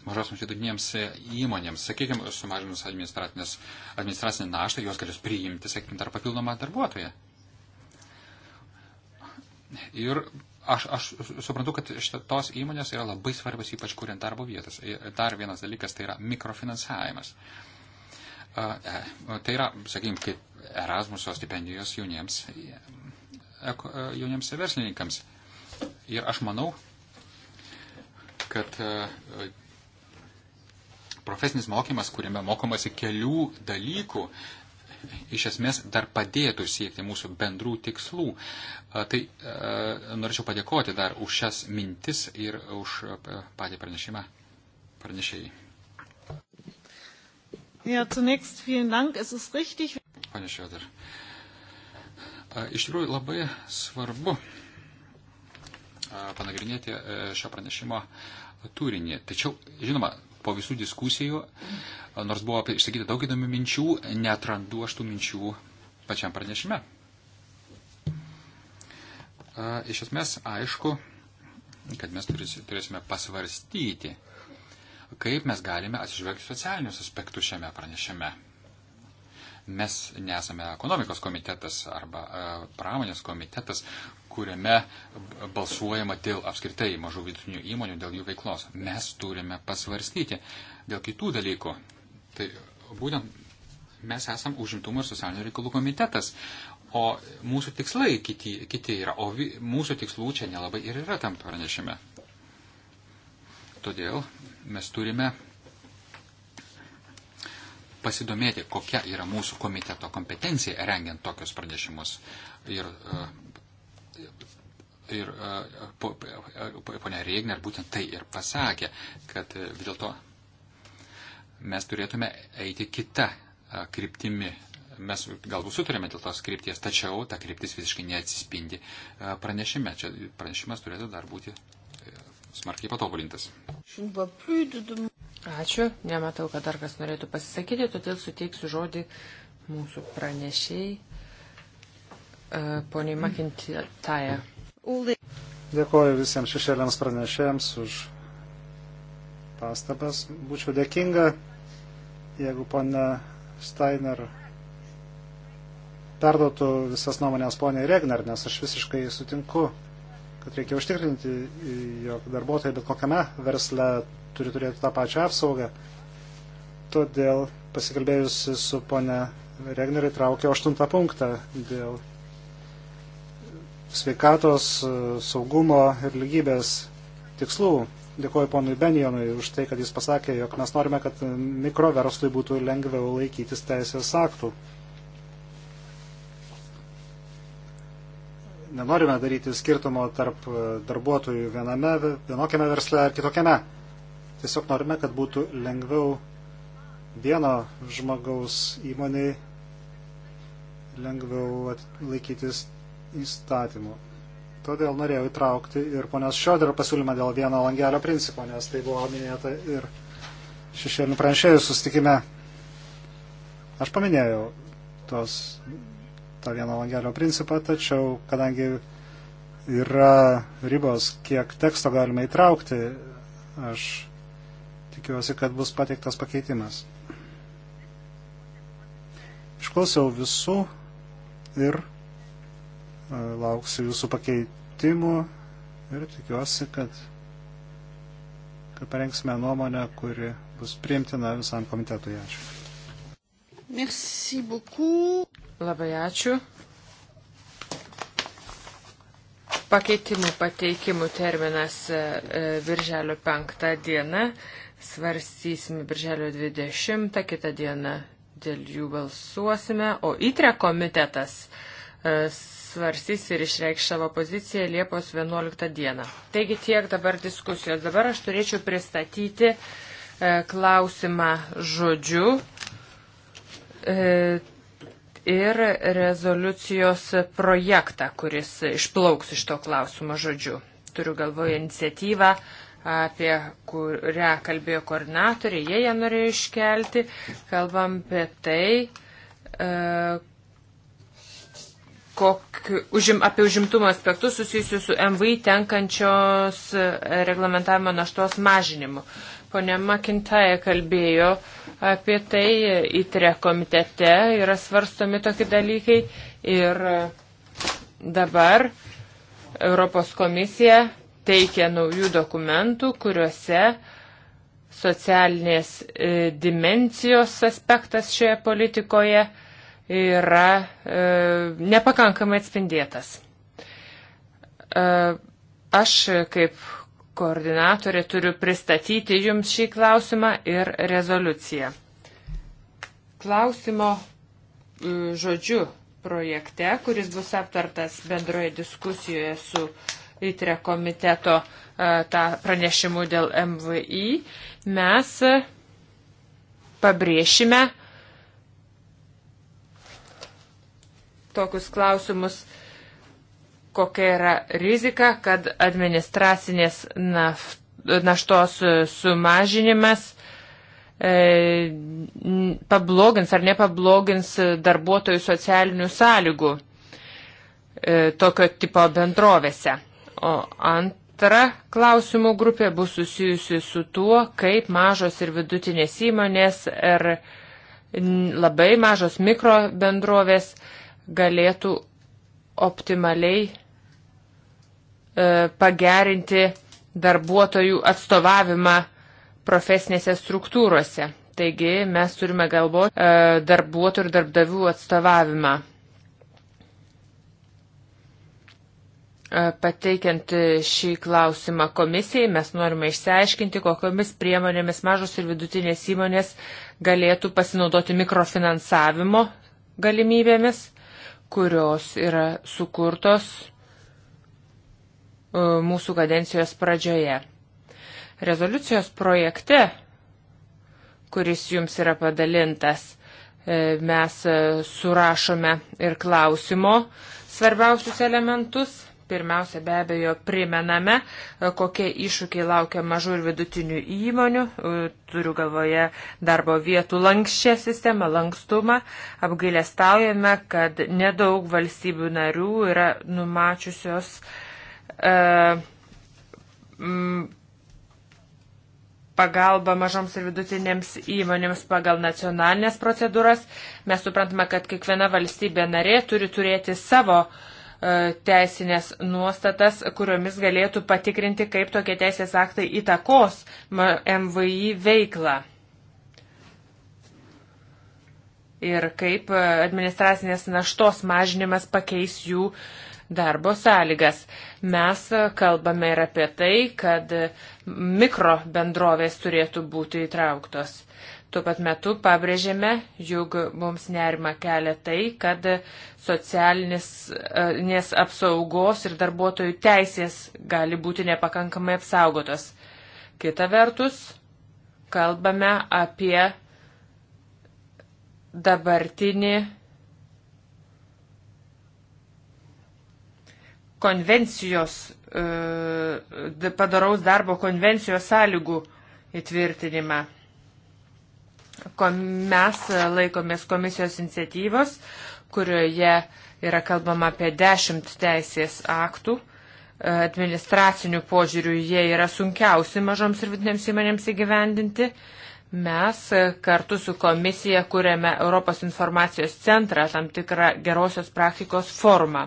mažosioms vidutinėms įmonėms, sakykime, sumažinus administracinę naštą, jos galės priimti, sakykime, dar papildomą darbuotoją. Ir aš, aš suprantu, kad šitos įmonės yra labai svarbios, ypač kuriant darbo vietas. Dar vienas dalykas tai yra mikrofinansavimas. E, tai yra, sakykime, kaip Erasmuso stipendijos jauniems E, jauniems verslininkams. Ir aš manau, kad e, profesinis mokymas, kuriame mokomasi kelių dalykų, iš esmės dar padėtų siekti mūsų bendrų tikslų. Tai e, norėčiau padėkoti dar už šias mintis ir už patį pranešimą pranešėjai. Ja, zunächst vielen Dank. Es ist richtig. Pane Šioder, Iš tikrųjų labai svarbu panagrinėti e, šio pranešimo turinį. Tačiau, žinoma, po visų diskusijų, nors buvo išsakyti daug įdomių minčių, netrandu aš tų minčių pačiam pranešime. Iš esmės, aišku, kad mes turėsime pasvarstyti, kaip mes galime atsižvelgti socialinius aspektus šiame pranešime. Mes nesame ekonomikos komitetas arba e, pramonės komitetas, kuriame balsuojama dėl apskritai mažų vidutinių įmonių, dėl jų veiklos. Mes turime pasvarstyti dėl kitų dalykų. Tai būtent mes esam užimtumo ir socialinių reikalų komitetas, o mūsų tikslai kiti, kiti yra, o vi, mūsų tikslų čia nelabai ir yra tam pranešime. Todėl mes turime pasidomėti, kokia yra mūsų komiteto kompetencija rengiant tokius pranešimus. Ir, e, ir e, e, ponia Regner būtent tai ir pasakė, kad vis dėlto mes turėtume eiti kitą kryptimi. Mes galbūt sutarėme dėl tos krypties, tačiau ta kryptis visiškai neatsispindi pranešime. Čia pranešimas turėtų dar būti smarkiai patobulintas. Ačiū. Nematau, kad dar kas norėtų pasisakyti, todėl suteiksiu žodį mūsų pranešiai, e, poniai Makintaja. Dėkuoju visiems šešėliams pranešėjams už pastabas. Būčiau dėkinga, jeigu ponia Steiner perduotų visas nuomonės poniai Regner, nes aš visiškai sutinku, kad reikia užtikrinti, jog darbuotojai bet kokiame versle turi turėti tą pačią apsaugą. Todėl pasikalbėjusi su ponia Regnerai traukė aštuntą punktą dėl sveikatos, saugumo ir lygybės tikslų. Dėkuoju ponui Benjonui už tai, kad jis pasakė, jog mes norime, kad mikroverslui būtų lengviau laikytis teisės aktų. Nenorime daryti skirtumo tarp darbuotojų viename, vienokiame versle ar kitokiame. Tiesiog norime, kad būtų lengviau vieno žmogaus įmoniai lengviau laikytis įstatymų. Todėl norėjau įtraukti ir ponios Šioderio pasiūlymą dėl vieno langelio principo, nes tai buvo minėta ir šešėlinių pranešėjų sustikime. Aš paminėjau tos, tą vieno langelio principą, tačiau kadangi yra ribos, kiek teksto galima įtraukti, aš tikiuosi, kad bus pateiktas pakeitimas. Išklausiau visų ir e, lauksiu jūsų pakeitimų ir tikiuosi, kad, kad parengsime nuomonę, kuri bus priimtina visam komitetui. Ačiū. Merci beaucoup. Labai ačiū. Pakeitimų pateikimų terminas Virželio e, e, 5 diena svarstysime birželio 20, kitą dieną dėl jų balsuosime, o įtre komitetas e, svarstys ir išreikš savo poziciją Liepos 11 dieną. Taigi tiek dabar diskusijos. Dabar aš turėčiau pristatyti e, klausimą žodžiu e, ir rezoliucijos projektą, kuris išplauks iš to klausimo žodžiu. Turiu galvoje iniciatyvą e, apie kurią kalbėjo koordinatoriai, jie ją norėjo iškelti, kalbam apie tai, e, kokiu, užim, apie užimtumo aspektus susijusius su MVI tenkančios e, reglamentavimo naštos mažinimu. Pone Makintaja kalbėjo apie tai, įtre komitete yra svarstomi tokie dalykai ir dabar Europos komisija teikia naujų dokumentų, kuriuose socialinės e, dimencijos aspektas šioje politikoje yra e, nepakankamai atspindėtas. E, aš kaip koordinatorė turiu pristatyti Jums šį klausimą ir rezoliuciją. Klausimo e, žodžiu projekte, kuris bus aptartas bendroje diskusijoje su įtre komiteto e, tą pranešimų dėl MVI, mes e, pabrėšime tokius klausimus, kokia yra rizika, kad administracinės naftos naštos sumažinimas e, pablogins ar nepablogins darbuotojų socialinių sąlygų e, tokio tipo bendrovėse. O ant Antra klausimų grupė bus susijusi su tuo, kaip mažos ir vidutinės įmonės ir labai mažos mikro bendrovės galėtų optimaliai e, pagerinti darbuotojų atstovavimą profesinėse struktūrose. Taigi mes turime galvoti e, darbuotojų ir darbdavių atstovavimą. E, pateikiant šį klausimą komisijai, mes norime išsiaiškinti, kokiamis priemonėmis mažos ir vidutinės įmonės galėtų pasinaudoti mikrofinansavimo galimybėmis, kurios yra sukurtos e, mūsų kadencijos pradžioje. Rezoliucijos projekte, kuris jums yra padalintas, e, mes surašome ir klausimo svarbiausius elementus Pirmiausia, be abejo, primename, e, kokie iššūkiai laukia mažų ir vidutinių įmonių. E, turiu galvoje darbo vietų lankščią sistemą, lankstumą. Apgailestaujame, kad nedaug valstybių narių yra numačiusios. Uh, e, mm, pagalba mažoms ir vidutinėms įmonėms pagal nacionalinės procedūras. Mes suprantame, kad kiekviena valstybė narė turi turėti savo uh, E, teisinės nuostatas, kuriomis galėtų patikrinti, kaip tokie teisės aktai įtakos MVI veiklą. Ir kaip e, administracinės naštos mažinimas pakeis jų darbo sąlygas. Mes e, kalbame ir apie tai, kad mikro bendrovės turėtų būti įtrauktos. Tuo pat metu pabrėžėme, jog mums nerima kelia tai, kad socialinės apsaugos ir darbuotojų teisės gali būti nepakankamai apsaugotos. Kita vertus, kalbame apie dabartinį konvencijos, e, padaraus darbo konvencijos sąlygų įtvirtinimą. Mes laikomės komisijos iniciatyvos, kurioje yra kalbama apie dešimt teisės aktų. Administracinių požiūrių jie yra sunkiausi mažoms ir vidutinėms įmonėms įgyvendinti. Mes kartu su komisija kūrėme Europos informacijos centrą, tam tikrą gerosios praktikos formą.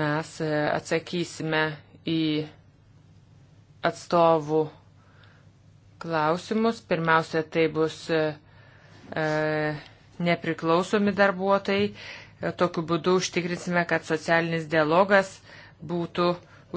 Mes atsakysime į atstovų klausimus. Pirmiausia, tai bus e, e nepriklausomi darbuotojai. E, tokiu būdu užtikrinsime, kad socialinis dialogas būtų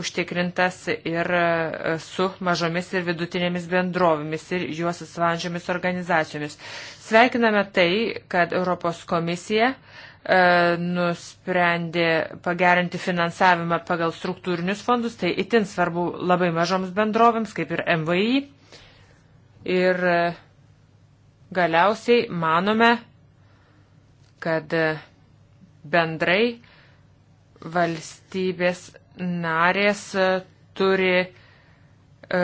užtikrintas ir e, su mažomis ir vidutinėmis bendrovėmis ir juos atsvandžiomis organizacijomis. Sveikiname tai, kad Europos komisija e, nusprendė pagerinti finansavimą pagal struktūrinius fondus, tai itin svarbu labai mažoms bendrovėms, kaip ir MVI ir galiausiai manome, kad bendrai valstybės narės turi e,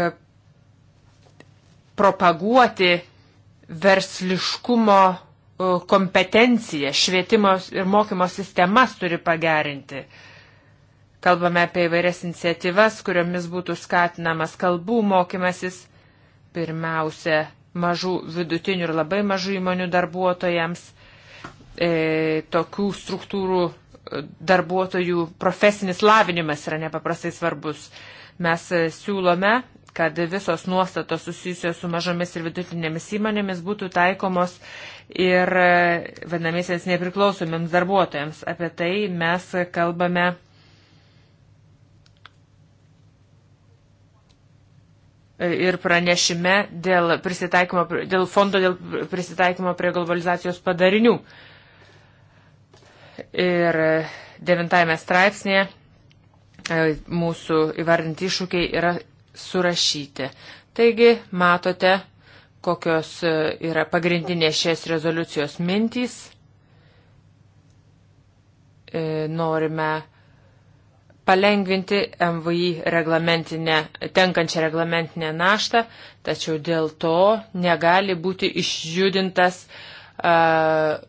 propaguoti versliškumo e, kompetenciją, švietimo ir mokymo sistemas turi pagerinti. Kalbame apie įvairias iniciatyvas, kuriomis būtų skatinamas kalbų mokymasis, pirmiausia mažų vidutinių ir labai mažų įmonių darbuotojams, e, tokių struktūrų e, darbuotojų profesinis lavinimas yra nepaprastai svarbus. Mes e, siūlome, kad visos nuostatos susijusios su mažomis ir vidutinėmis įmonėmis būtų taikomos ir e, vadinamiesiais nepriklausomiems darbuotojams. Apie tai mes kalbame ir pranešime dėl, dėl fondo dėl prisitaikymo prie globalizacijos padarinių. Ir devintajame straipsnėje e, mūsų įvardinti iššūkiai yra surašyti. Taigi, matote, kokios e, yra pagrindinės šias rezoliucijos mintys. E, norime palengvinti MVI reglamentinę, tenkančią reglamentinę naštą, tačiau dėl to negali būti išjudintas uh,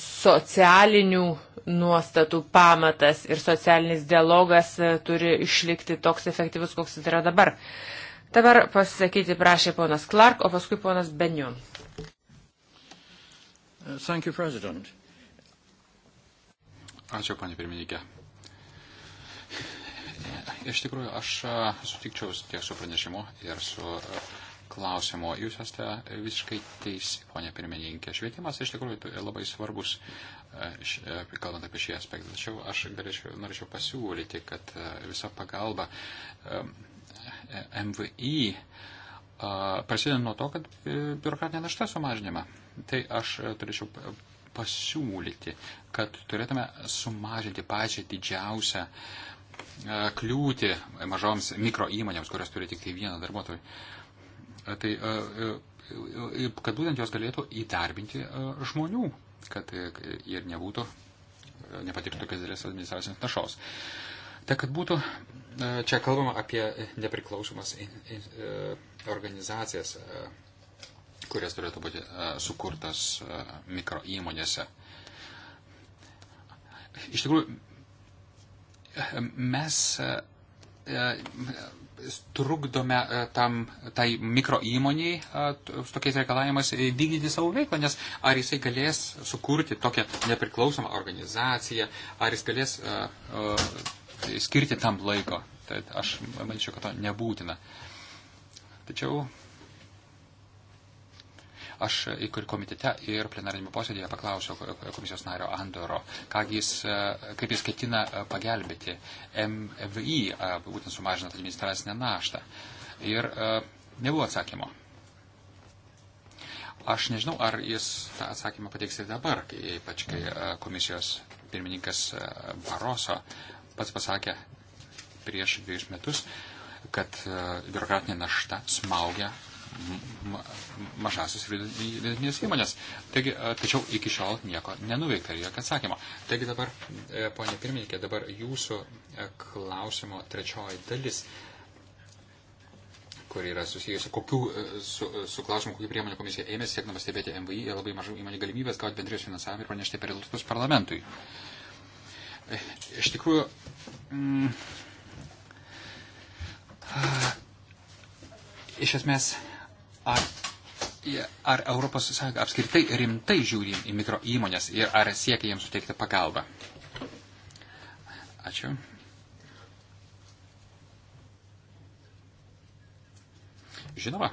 socialinių nuostatų pamatas ir socialinis dialogas turi išlikti toks efektyvus, koks jis yra dabar. Dabar pasisakyti prašė ponas Clark, o paskui ponas Benjum. Ačiū, panė pirmininkė. Iš tikrųjų, aš e, sutikčiau tiek su pranešimu ir su e, klausimo. Jūs esate visiškai teisi, ponė pirmininkė. Švietimas iš tikrųjų labai svarbus, e, kalbant apie šį aspektą. Tačiau aš galėčiau, norėčiau pasiūlyti, kad visa pagalba MVI prasideda nuo to, kad biurokratinė našta sumažinima. Tai aš turėčiau pasiūlyti, kad turėtume sumažinti pačią didžiausią uh, E, kliūti mažoms mikro įmonėms, kurios turi tik tai vieną darbuotojų. E, tai e, kad būtent jos galėtų įdarbinti žmonių, kad ir nebūtų, nepatirtų tokias didelės administracinės našos. Tai kad būtų, čia kalbama apie nepriklausomas organizacijas, kurias turėtų būti sukurtas mikro įmonėse. Iš tikrųjų, mes e, e, trukdome e, tam, tai mikro įmoniai su tokiais reikalavimais vykdyti savo veiklą, nes ar jisai galės sukurti tokią nepriklausomą organizaciją, ar jis galės a, a, skirti tam laiko. Tai aš manyčiau, kad to nebūtina. Tačiau Aš ir komitete, ir plenarinėme posėdėje paklausiau komisijos nario Andoro, jis, e, kaip jis ketina e, pagelbėti MVI, e, būtent sumažinant administracinę naštą. Ir nebuvo atsakymo. Aš nežinau, ar jis tą atsakymą pateiks ir dabar, kai, ypač kai komisijos pirmininkas Baroso pats pasakė prieš dviejus metus, kad biurokratinė našta smaugia mažasius vidutinės įmonės. Taigi, tačiau iki šiol nieko nenuveikta ir jokio atsakymo. Taigi dabar, e, ponė pirmininkė, dabar jūsų e, klausimo trečioji dalis kuri yra susijusi kokių, e, su, su klausimu, kokiu priemonių komisija ėmėsi, siekdama stebėti MVI ir labai mažų įmonių galimybės gauti bendrijos finansavimą ir pranešti per rezultatus parlamentui. Iš tikrųjų, mm, iš esmės, ar, ar ES apskritai rimtai žiūri į mikro įmonės ir ar siekia jiems suteikti pagalbą. Ačiū. Žinoma.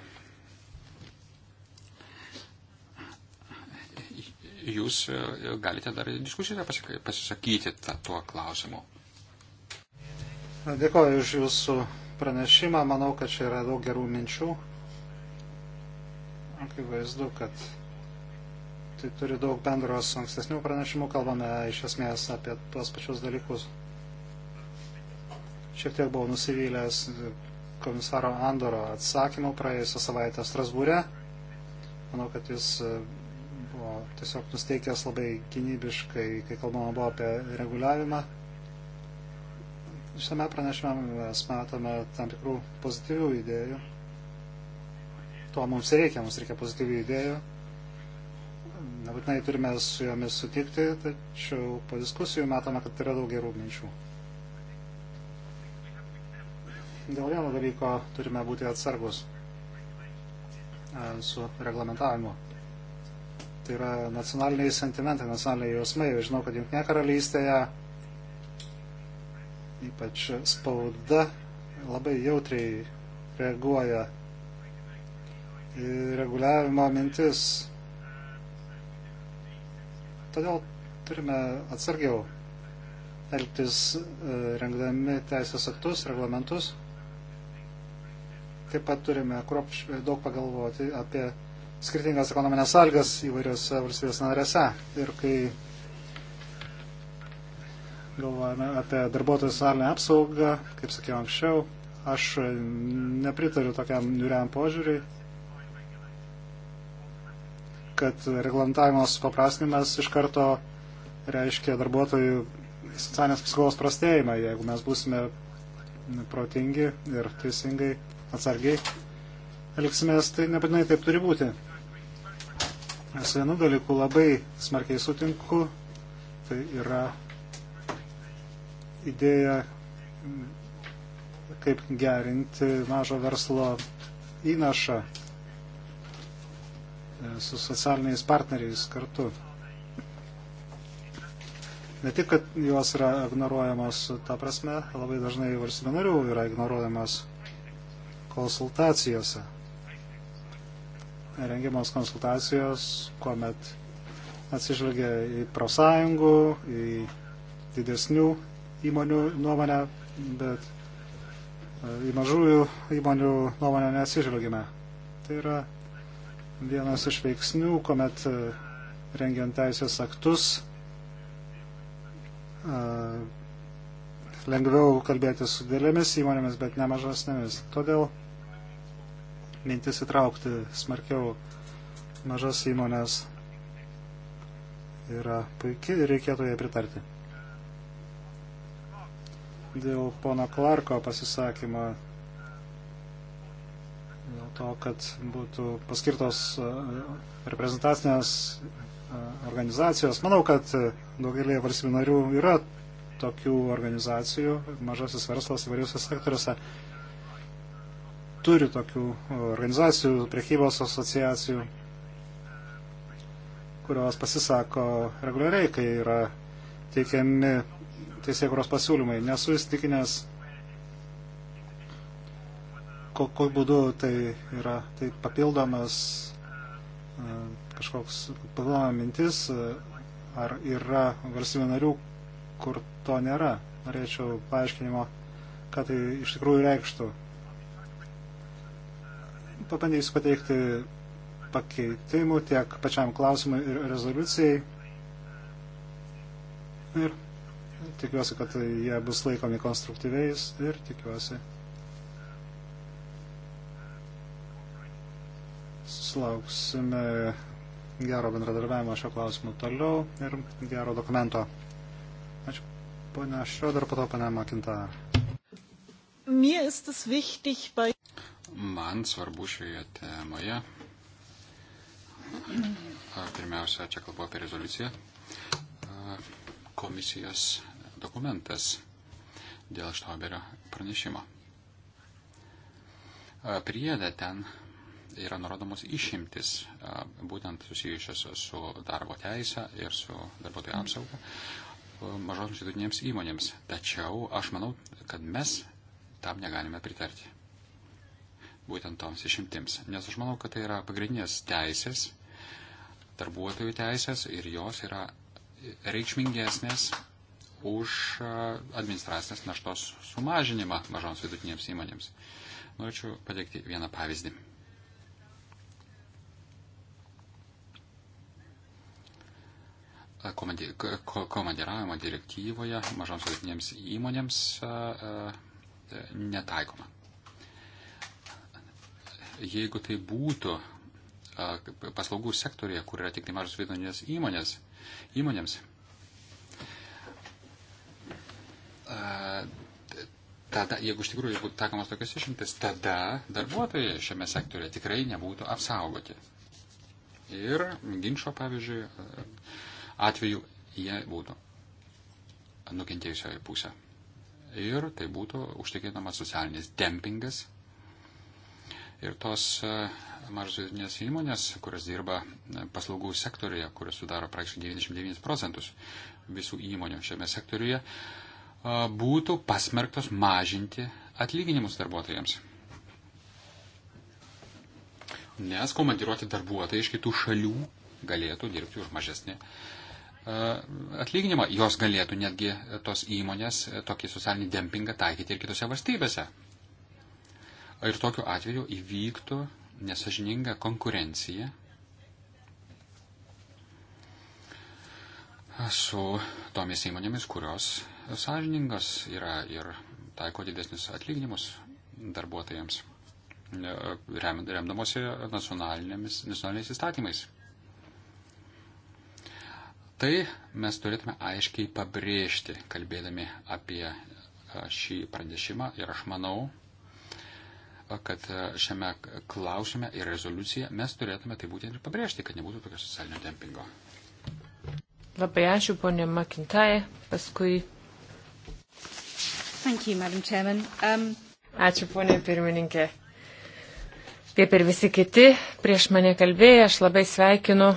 Jūs e, galite dar diskusijoje pasisakyti tą, tuo klausimu. Dėkoju už Jūsų pranešimą. Manau, kad čia yra daug gerų minčių akivaizdu, kad tai turi daug bendro su ankstesnių pranešimų, kalbame iš esmės apie tuos pačius dalykus. Šiek tiek buvau nusivylęs komisaro Andoro atsakymu praėjusią savaitę Strasbūre. Manau, kad jis e, buvo tiesiog nusteikęs labai gynybiškai, kai kalbama buvo apie reguliavimą. Šiame pranešime mes matome tam tikrų pozityvių idėjų to mums reikia, mums reikia pozityvių idėjų. Nebūtinai turime su jomis sutikti, tačiau po diskusijų matome, kad yra daug gerų minčių. Dėl vieno dalyko turime būti atsargus e, su reglamentavimu. Tai yra nacionaliniai sentimentai, nacionaliniai jausmai. Žinau, kad Junktinė karalystėje ypač spauda labai jautriai reaguoja reguliavimo mintis. Todėl turime atsargiau elgtis e, rengdami teisės aktus, reglamentus. Taip pat turime kruopš, daug pagalvoti apie skirtingas ekonominės sąlygas įvairiose valstybės narėse. Ir kai galvojame apie darbuotojų socialinę apsaugą, kaip sakiau anksčiau, aš nepritariu tokiam niuriam požiūriui kad reglamentavimo supaprastinimas iš karto reiškia darbuotojų socialinės apsaugos prastėjimą, jeigu mes būsime protingi ir teisingai, atsargiai elgsimės, tai nebūtinai taip turi būti. Su vienu dalyku labai smarkiai sutinku, tai yra idėja, kaip gerinti mažo verslo įnašą E, su socialiniais partneriais kartu. Ne tik, kad jos yra ignoruojamos, ta prasme, labai dažnai valstybė narių yra ignoruojamos konsultacijose. Rengiamos konsultacijos, kuomet atsižvelgia į profsąjungų, į didesnių įmonių nuomonę, bet e, į mažųjų įmonių nuomonę neatsižvelgime. Tai yra vienas iš veiksnių, kuomet e, rengiant teisės aktus e, lengviau kalbėti su didelėmis įmonėmis, bet nemažasnėmis. Todėl mintis įtraukti smarkiau mažas įmonės yra puikiai ir reikėtų jai pritarti. Dėl pono Klarko pasisakymą dėl to, kad būtų paskirtos e, reprezentacinės e, organizacijos. Manau, kad e, daugelį valstybių narių yra tokių organizacijų, mažasis verslas įvairiuose sektoriuose turi tokių organizacijų, priekybos asociacijų, kurios pasisako reguliariai, kai yra teikiami teisėkuros pasiūlymai. Nesu įstikinęs kokiu būdu tai yra tai papildomas e, kažkoks papildoma mintis, e, ar yra valstybių narių, kur to nėra. Norėčiau paaiškinimo, ką tai iš tikrųjų reikštų. Pabandysiu pateikti pakeitimų tiek pačiam klausimui ir rezoliucijai. Ir tikiuosi, kad jie bus laikomi konstruktyviais ir tikiuosi, sulauksime gero bendradarbiavimo šio klausimu toliau ir gero dokumento. Ačiū, ponia Šrodar, po to ponia Makintar. Man svarbu šioje temoje. Pirmiausia, čia kalbu apie rezoliuciją. Komisijos dokumentas dėl Štauberio pranešimo. Priedą ten yra nurodomos išimtis, būtent susijusios su darbo teisė ir su darbuotojų mhm. apsauga mažoms vidutinėms įmonėms. Tačiau aš manau, kad mes tam negalime pritarti. Būtent toms išimtims. Nes aš manau, kad tai yra pagrindinės teisės, darbuotojų teisės ir jos yra reikšmingesnės už administracinės naštos sumažinimą mažoms vidutinėms įmonėms. Norėčiau pateikti vieną pavyzdį. komandiravimo direktyvoje mažoms vidutinėms įmonėms netaikoma. Jeigu tai būtų paslaugų sektorija, kur yra tik tai mažos vidutinės įmonės, įmonėms, tada, jeigu iš tikrųjų būtų taikomas tokias išimtis, tada darbuotojai šiame sektorėje tikrai nebūtų apsaugoti. Ir ginčio, pavyzdžiui, atveju jie būtų nukentėjusioje pusė. Ir tai būtų užtikrinamas socialinis dempingas. Ir tos e, mažos įmonės, kurios dirba e, paslaugų sektoriuje, kurios sudaro praktiškai 99 procentus visų įmonių šiame sektoriuje, e, būtų pasmerktos mažinti atlyginimus darbuotojams. Nes komandiruoti darbuotojai iš kitų šalių galėtų dirbti už mažesnį uh, E, atlyginimą, jos galėtų netgi tos įmonės e, tokį socialinį dempingą taikyti ir kitose valstybėse. Ir tokiu atveju įvyktų nesažininga konkurencija su tomis įmonėmis, kurios sąžiningas yra ir taiko didesnius atlyginimus darbuotojams, e, remdamosi nacionaliniais įstatymais. Tai mes turėtume aiškiai pabrėžti, kalbėdami apie šį pranešimą ir aš manau, kad šiame klausime ir rezoliucija mes turėtume tai būtent ir pabrėžti, kad nebūtų tokio socialinio dempingo. Labai ačiū, ponė Makintai, paskui. Thank you, Madam Chairman. Um... Ačiū, ponė pirmininkė. Kaip ir visi kiti prieš mane kalbėję, aš labai sveikinu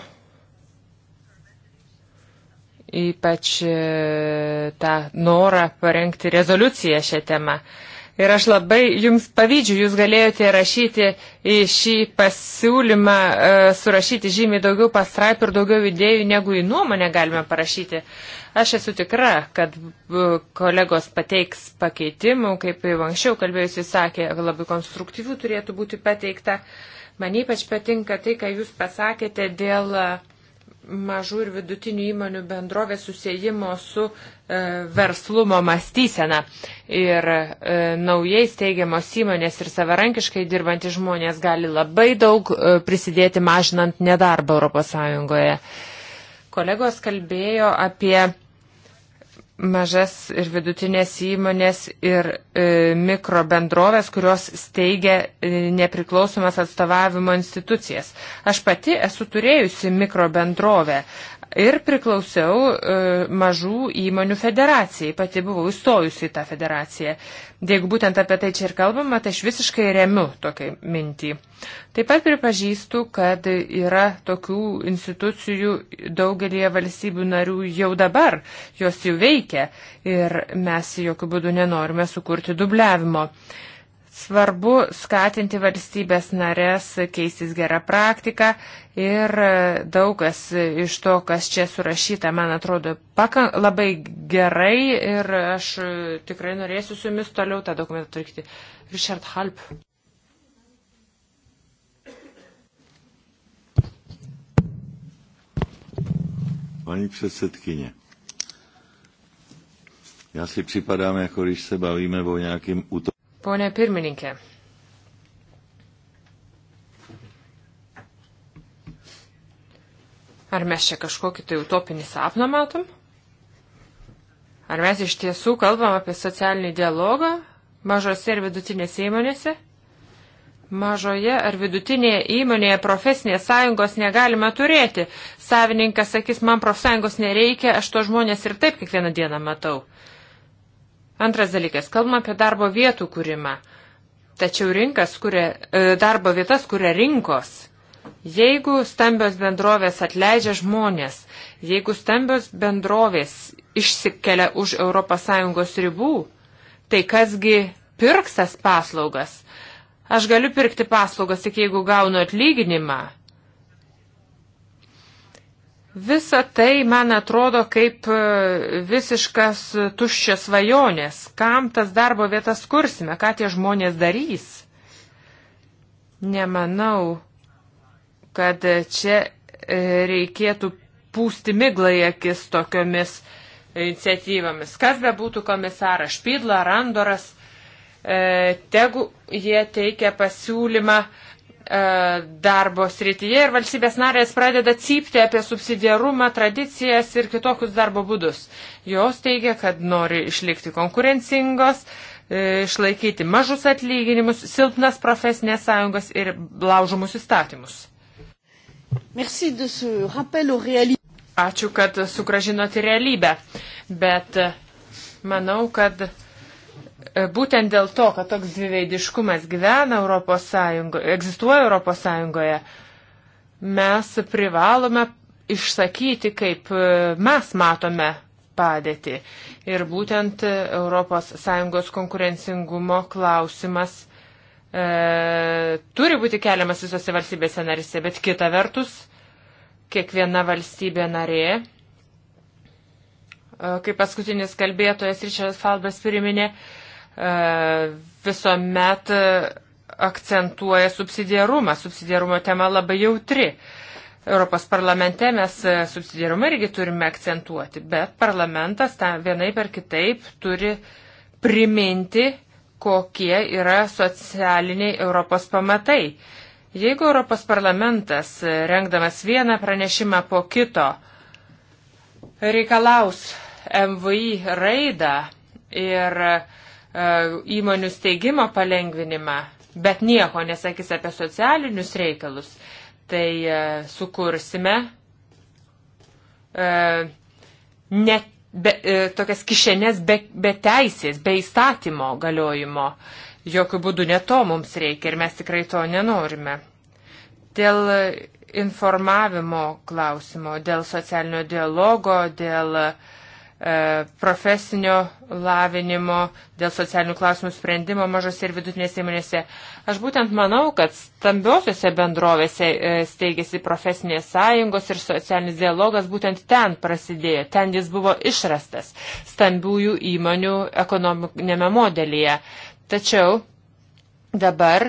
ypač e, tą norą parengti rezoliuciją šią temą. Ir aš labai jums pavyzdžių, jūs galėjote rašyti į šį pasiūlymą, e, surašyti žymiai daugiau pastraipų ir daugiau idėjų, negu į nuomonę galime parašyti. Aš esu tikra, kad e, kolegos pateiks pakeitimų, kaip jau anksčiau kalbėjusi sakė, labai konstruktyvių turėtų būti pateikta. Man ypač patinka tai, ką jūs pasakėte dėl uh, mažų ir vidutinių įmonių bendrovės susijimo su e, verslumo mąstysena. Ir e, naujai steigiamos įmonės ir savarankiškai dirbantys žmonės gali labai daug e, prisidėti mažinant nedarbą ES. Kolegos kalbėjo apie mažas ir vidutinės įmonės ir e, mikro bendrovės, kurios steigia e, nepriklausomas atstovavimo institucijas. Aš pati esu turėjusi mikro bendrovę ir priklausiau e, mažų įmonių federacijai, pati buvau įstojusi į tą federaciją. Tai jeigu būtent apie tai čia ir kalbama, tai aš visiškai remiu tokią mintį. Taip pat pripažįstu, kad yra tokių institucijų daugelie valstybių narių jau dabar, jos jau veikia ir mes jokių būdų nenorime sukurti dubliavimo. E, Svarbu skatinti valstybės narės keistis gerą praktiką ir e, daugas iš to, kas čia surašyta, man atrodo, pakan, labai gerai ir aš e, tikrai norėsiu su jumis toliau tą dokumentą turkti. Richard Halp. Paní předsedkyně, já si připadám, jako když se bavíme o nějakém útoku. Pone pirmininkė. Ar mes čia kažkokį tai utopinį sapną matom? Ar mes iš tiesų kalbam apie socialinį dialogą mažose ir vidutinėse įmonėse? Mažoje ar vidutinėje įmonėje profesinės sąjungos negalime turėti. Savininkas sakys, man profsąjungos nereikia, aš to žmonės ir taip kiekvieną dieną matau. Antras dalykas, kalbam apie darbo vietų kūrimą. Tačiau rinkas, kuria, e, darbo vietas kuria rinkos. Jeigu stambios bendrovės atleidžia žmonės, jeigu stambios bendrovės išsikelia už ES ribų, tai kasgi pirks tas paslaugas? Aš galiu pirkti paslaugas tik jeigu gaunu atlyginimą. Visa tai man atrodo kaip e, visiškas tuščias svajonės. Kam tas darbo vietas kursime, ką tie žmonės darys? Nemanau, kad čia e, reikėtų pūsti miglai akis tokiomis iniciatyvomis. Kas be būtų komisaras Špidla, Randoras, e, tegu jie teikia pasiūlymą uh, E, darbo srityje ir valstybės narės pradeda cypti apie subsidiarumą, tradicijas ir kitokius darbo būdus. Jos teigia, kad nori išlikti konkurencingos, e, išlaikyti mažus atlyginimus, silpnas profesinės sąjungas ir laužomus įstatymus. Ačiū, kad sugražinote realybę, bet e, manau, kad E, būtent dėl to, kad toks dviveidiškumas gyvena Europos Sąjungoje, egzistuoja Europos Sąjungoje, mes privalome išsakyti, kaip e, mes matome padėtį. Ir būtent ES konkurencingumo klausimas e, turi būti keliamas visose valstybėse narise, bet kita vertus, kiekviena valstybė narė kaip paskutinis kalbėtojas Richardas Falbers priminė, visuomet akcentuoja subsidiarumą. Subsidiarumo tema labai jautri. Europos parlamente mes subsidiarumą irgi turime akcentuoti, bet parlamentas tą vienai per kitaip turi priminti, kokie yra socialiniai Europos pamatai. Jeigu Europos parlamentas, rengdamas vieną pranešimą po kito, reikalaus MVI raidą ir e, įmonių steigimo palengvinimą, bet nieko nesakys apie socialinius reikalus, tai e, sukursime e, net be, tokias kišenės be, be teisės, be įstatymo galiojimo. Jokių būdų ne to mums reikia ir mes tikrai to nenorime. Dėl informavimo klausimo, dėl socialinio dialogo, dėl uh, E, profesinio lavinimo, dėl socialinių klausimų sprendimo mažose ir vidutinėse įmonėse. Aš būtent manau, kad stambiosiuose bendrovėse e, steigėsi profesinės sąjungos ir socialinis dialogas būtent ten prasidėjo, ten jis buvo išrastas stambiųjų įmonių ekonominėme modelyje. Tačiau dabar,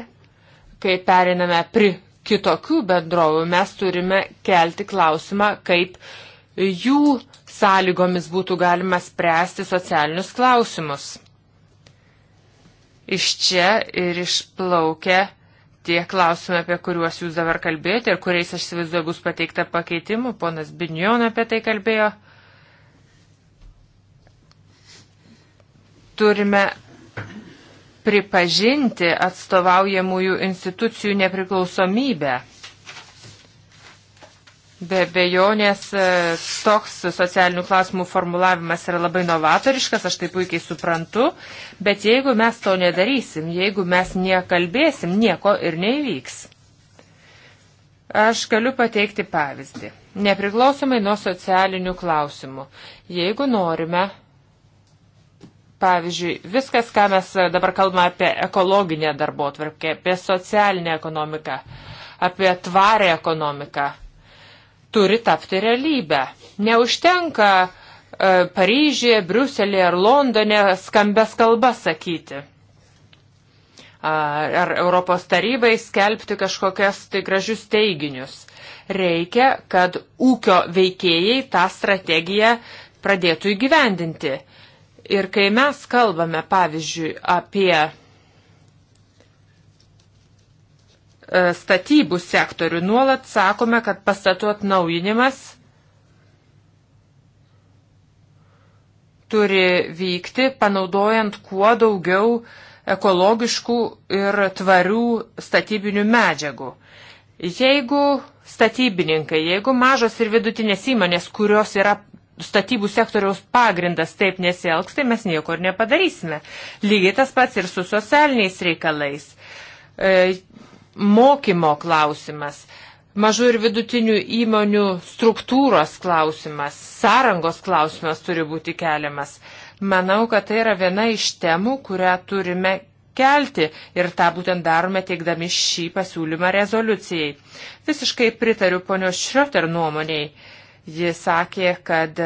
kai periname pri kitokių bendrovų, mes turime kelti klausimą, kaip jų sąlygomis būtų galima spręsti socialinius klausimus. Iš čia ir išplaukia tie klausimai, apie kuriuos jūs dabar kalbėjote ir kuriais aš įsivaizduoju bus pateikta pakeitimų. Ponas Binjon apie tai kalbėjo. Turime pripažinti atstovaujamųjų institucijų nepriklausomybę. Be bejonės e, toks socialinių klausimų formulavimas yra labai novatoriškas, aš tai puikiai suprantu, bet jeigu mes to nedarysim, jeigu mes nekalbėsim, nieko ir neįvyks. Aš galiu pateikti pavyzdį. Nepriklausomai nuo socialinių klausimų. Jeigu norime, pavyzdžiui, viskas, ką mes dabar kalbame apie ekologinę darbo tvarkę, apie socialinę ekonomiką, apie tvarę ekonomiką, turi tapti realybę. Neužtenka e, Paryžyje, Briuselėje ar Londone skambes kalbas sakyti. Ar, ar Europos tarybai skelbti kažkokias tai gražius teiginius. Reikia, kad ūkio veikėjai tą strategiją pradėtų įgyvendinti. Ir kai mes kalbame, pavyzdžiui, apie E, statybų sektorių. Nuolat sakome, kad pastatų atnaujinimas turi vykti, panaudojant kuo daugiau ekologiškų ir tvarių statybinių medžiagų. Jeigu statybininkai, jeigu mažos ir vidutinės įmonės, kurios yra statybų sektoriaus pagrindas taip nesielgs, tai mes nieko ir nepadarysime. Lygiai tas pats ir su socialiniais reikalais. E, mokymo klausimas, mažų ir vidutinių įmonių struktūros klausimas, sąrangos klausimas turi būti keliamas. Manau, kad tai yra viena iš temų, kurią turime kelti ir tą būtent darome teikdami šį pasiūlymą rezoliucijai. Visiškai pritariu ponios Šrioter nuomoniai. Ji sakė, kad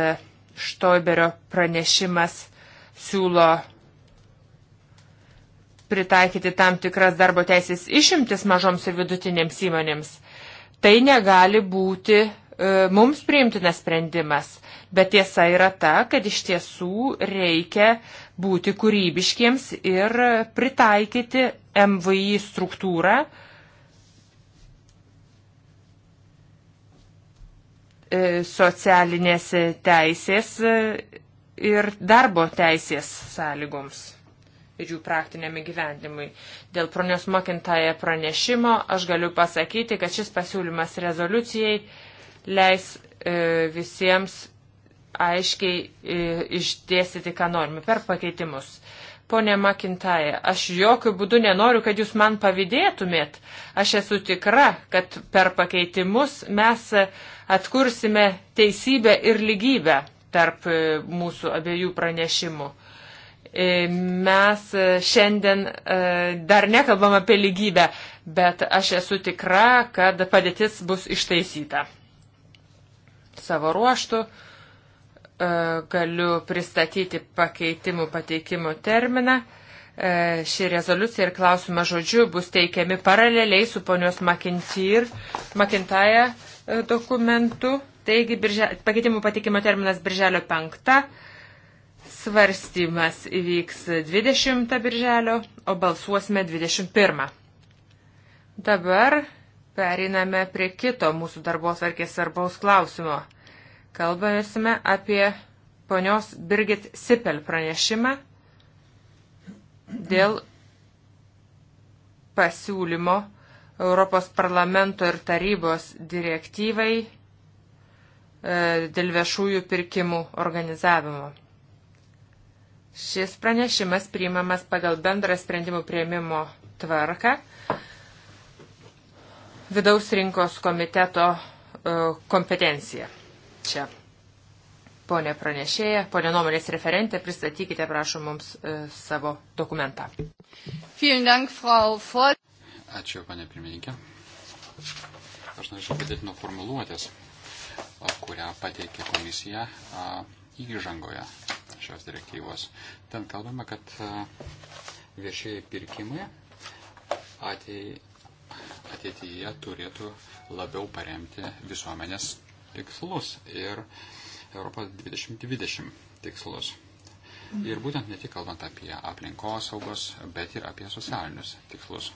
Štoiberio pranešimas siūlo pritaikyti tam tikras darbo teisės išimtis mažoms ir vidutinėms įmonėms, tai negali būti e, mums priimtinas sprendimas. Bet tiesa yra ta, kad iš tiesų reikia būti kūrybiškiems ir pritaikyti MVI struktūrą. E, socialinės teisės ir darbo teisės sąlygoms ir jų praktiniam įgyvendimui. Dėl pronios mokintaje pranešimo aš galiu pasakyti, kad šis pasiūlymas rezoliucijai leis e, visiems aiškiai e, išdėstyti, ką norime per pakeitimus. Pone Makintaja, aš jokių būdų nenoriu, kad jūs man pavydėtumėt. Aš esu tikra, kad per pakeitimus mes atkursime teisybę ir lygybę tarp e, mūsų abiejų pranešimų. E, mes šiandien e, dar nekalbam apie lygybę, bet aš esu tikra, kad padėtis bus ištaisyta. Savo ruoštų e, galiu pristatyti pakeitimų pateikimo terminą. Ši rezoliucija ir klausimas žodžiu bus teikiami paraleliai su ponios McIntyre dokumentu. Taigi, birža, pakeitimų pateikimo terminas birželio 5. Svarstymas įvyks 20 birželio, o balsuosime 21. Dabar periname prie kito mūsų darbos varkės svarbaus klausimo. Kalbėsime apie ponios Birgit Sipel pranešimą dėl pasiūlymo Europos parlamento ir tarybos direktyvai e, dėl viešųjų pirkimų organizavimo. Šis pranešimas priimamas pagal bendrą sprendimų prieimimo tvarką. Vidaus rinkos komiteto e, kompetencija. Čia. Pone pranešėja, pone nuomonės referentė, pristatykite, prašom, mums e, savo dokumentą. Ačiū, pane pirmininkė. Aš norėčiau pradėti nuo formuluotės, kurią pateikė komisija įžangoje šios direktyvos. Ten kalbame, kad e, viešieji pirkimai ateityje turėtų labiau paremti visuomenės tikslus ir Europos 2020 tikslus. Ir būtent ne tik kalbant apie aplinkosaugos, bet ir apie socialinius tikslus.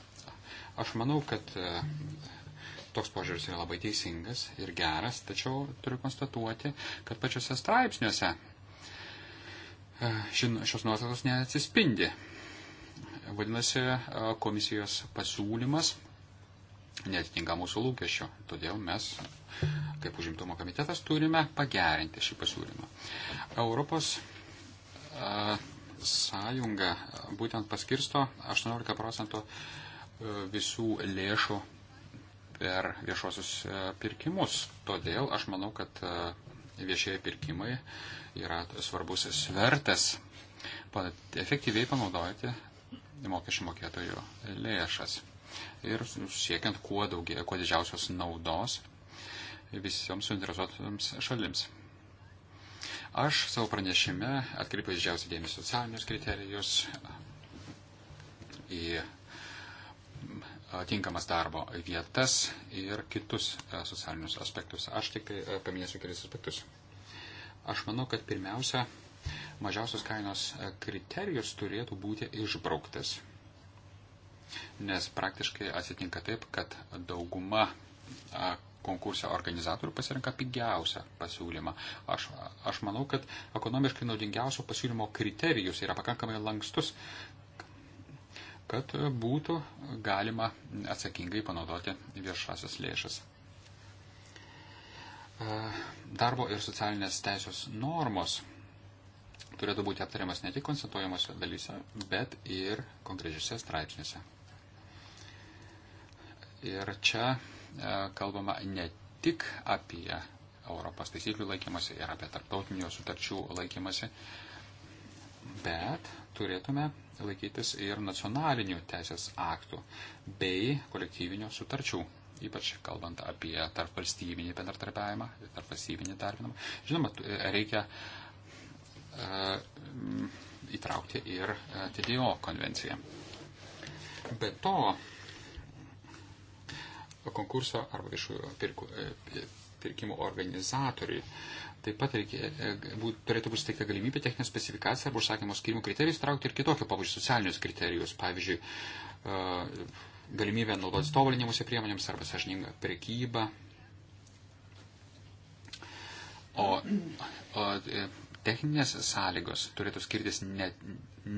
Aš manau, kad e, toks požiūris yra labai teisingas ir geras, tačiau turiu konstatuoti, kad pačiuose straipsniuose E, šios nuostatos neatsispindi. Vadinasi, e, komisijos pasiūlymas netitinka mūsų lūkesčių. Todėl mes, kaip užimtumo komitetas, turime pagerinti šį pasiūlymą. Europos e, sąjunga būtent paskirsto 18 procentų visų lėšų per viešosius pirkimus. Todėl aš manau, kad viešieji pirkimai yra svarbus svertas efektyviai panaudoti mokesčių mokėtojų lėšas ir siekiant kuo, daugia, kuo didžiausios naudos visiems suinteresuotams šalims. Aš savo pranešime atkreipiu didžiausią dėmesį socialinius kriterijus, į tinkamas darbo vietas ir kitus socialinius aspektus. Aš tik tai paminėsiu kelis aspektus. Aš manau, kad pirmiausia, mažiausios kainos kriterijus turėtų būti išbrauktas. Nes praktiškai atsitinka taip, kad dauguma konkursio organizatorių pasirenka pigiausią pasiūlymą. Aš, aš manau, kad ekonomiškai naudingiausio pasiūlymo kriterijus yra pakankamai lankstus kad būtų galima atsakingai panaudoti viešasios lėšas. E, darbo ir socialinės teisės normos turėtų būti aptariamas ne tik konstatuojamose dalyse, bet ir konkrečiuose straipsniuose. Ir čia e, kalbama ne tik apie Europos taisyklių laikymasi ir apie tarptautinių sutarčių laikymasi, bet turėtume laikytis ir nacionalinių teisės aktų bei kolektyvinio sutarčių, ypač kalbant apie tarpvalstybinį bendradarbiavimą, tarpvalstybinį darbinamą. Žinoma, reikia uh, įtraukti ir e, TDO konvenciją. Be to, konkurso arba viešųjų e, pirkimų organizatoriai Taip pat reikia, e, būt, turėtų būti suteikta galimybė techninę specifikaciją arba užsakymo skirimų kriterijus traukti ir kitokio pavyzdžio socialinius kriterijus, pavyzdžiui, e, galimybę naudotis tobulinimuose priemonėms arba sažininga prekyba. O, o e, techninės sąlygos turėtų skirtis ne,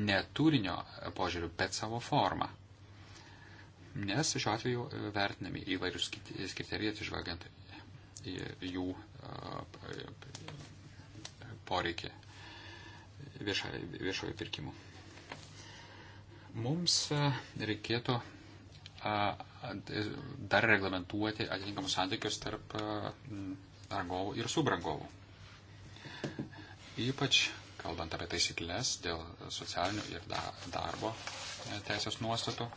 ne turinio požiūriu, bet savo formą. Nes šiuo atveju vertinami įvairius kriterijai atsižvelgiant jų poreikį viešojo pirkimu. Mums reikėtų dar reglamentuoti atitinkamus santykius tarp rangovų ir subrangovų. Ypač kalbant apie taisyklės dėl socialinių ir darbo e, teisės nuostatų,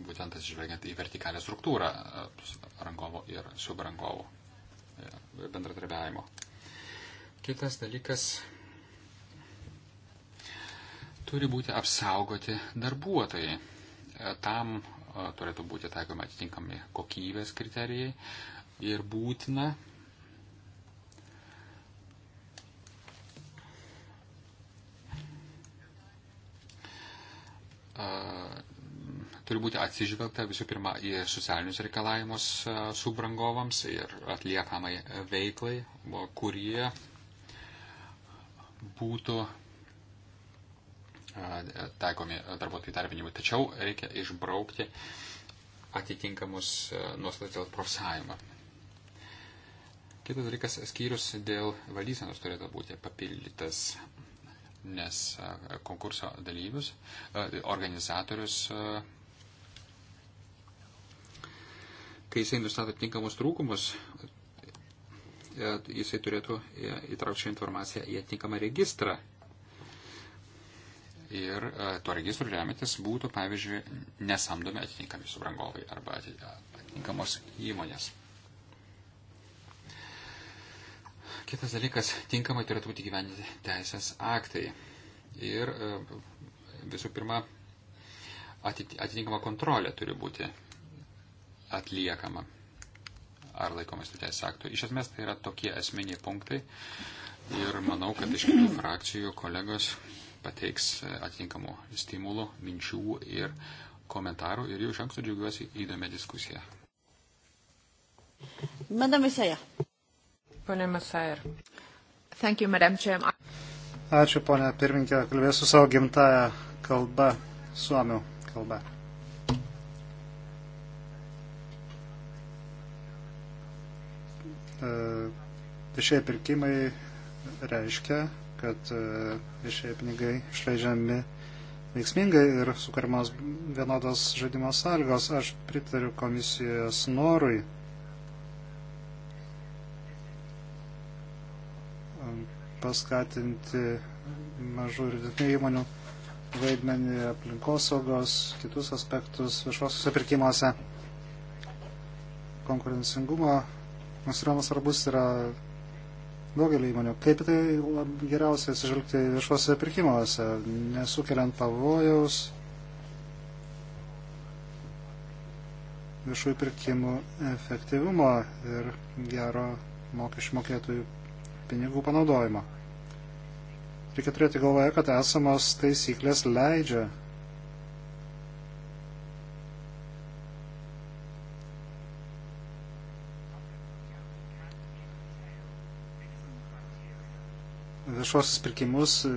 būtent atsižvelgiant į vertikalę struktūrą e, rangovo ir subrangovo e, bendradarbiavimo. Kitas dalykas turi būti apsaugoti darbuotojai. E, tam turėtų būti taikomi atitinkami kokybės kriterijai ir būtina turi būti atsižvelgta visų pirma į socialinius reikalavimus e, subrangovams ir atliekamai veiklai, kurie būtų e, taikomi darbuotojų darbinimui. Tačiau reikia išbraukti atitinkamus e, nuostatus dėl profsąjungą. Kitas dalykas, skyrius dėl valdysenos turėtų būti papildytas nes konkurso dalyvius, organizatorius kai jisai nustato tinkamus trūkumus, e, jisai turėtų e, įtraukti šią informaciją į atinkamą registrą. Ir e, to registro remiantis būtų, pavyzdžiui, nesamdomi atitinkami subrangovai arba atitinkamos įmonės. Kitas dalykas, tinkamai turėtų būti gyveninti teisės aktai. Ir visų pirma, atitinkama kontrolė turi būti atliekama ar laikomas tų teisės aktų. Iš esmės tai yra tokie esminiai punktai ir manau, kad iš kitų frakcijų kolegos pateiks e, atitinkamų stimulų, minčių ir komentarų ir jau iš anksto džiaugiuosi įdomią diskusiją. Madame Saja. Pane Mesair. Thank you, Madam Chair. Ačiū, ponia pirminkė, kalbėsiu savo gimtają kalbą, suomių kalbą. E, viešieji pirkimai reiškia, kad e, viešieji pinigai išleidžiami veiksmingai ir sukūrimas vienodos žaidimo sąlygos. Aš pritariu komisijos norui paskatinti mažų ir didesnių įmonių vaidmenį aplinkosaugos, kitus aspektus viešuosiuose pirkimuose, konkurencingumo Nusiromas svarbus yra daugelį įmonių. Kaip tai geriausia atsižvelgti viešuose pirkimuose, nesukeliant pavojaus viešųjų pirkimų efektyvumo ir gero mokesčių mokėtojų pinigų panaudojimo. Reikia turėti galvoje, kad esamos taisyklės leidžia viešuosius pirkimus, e,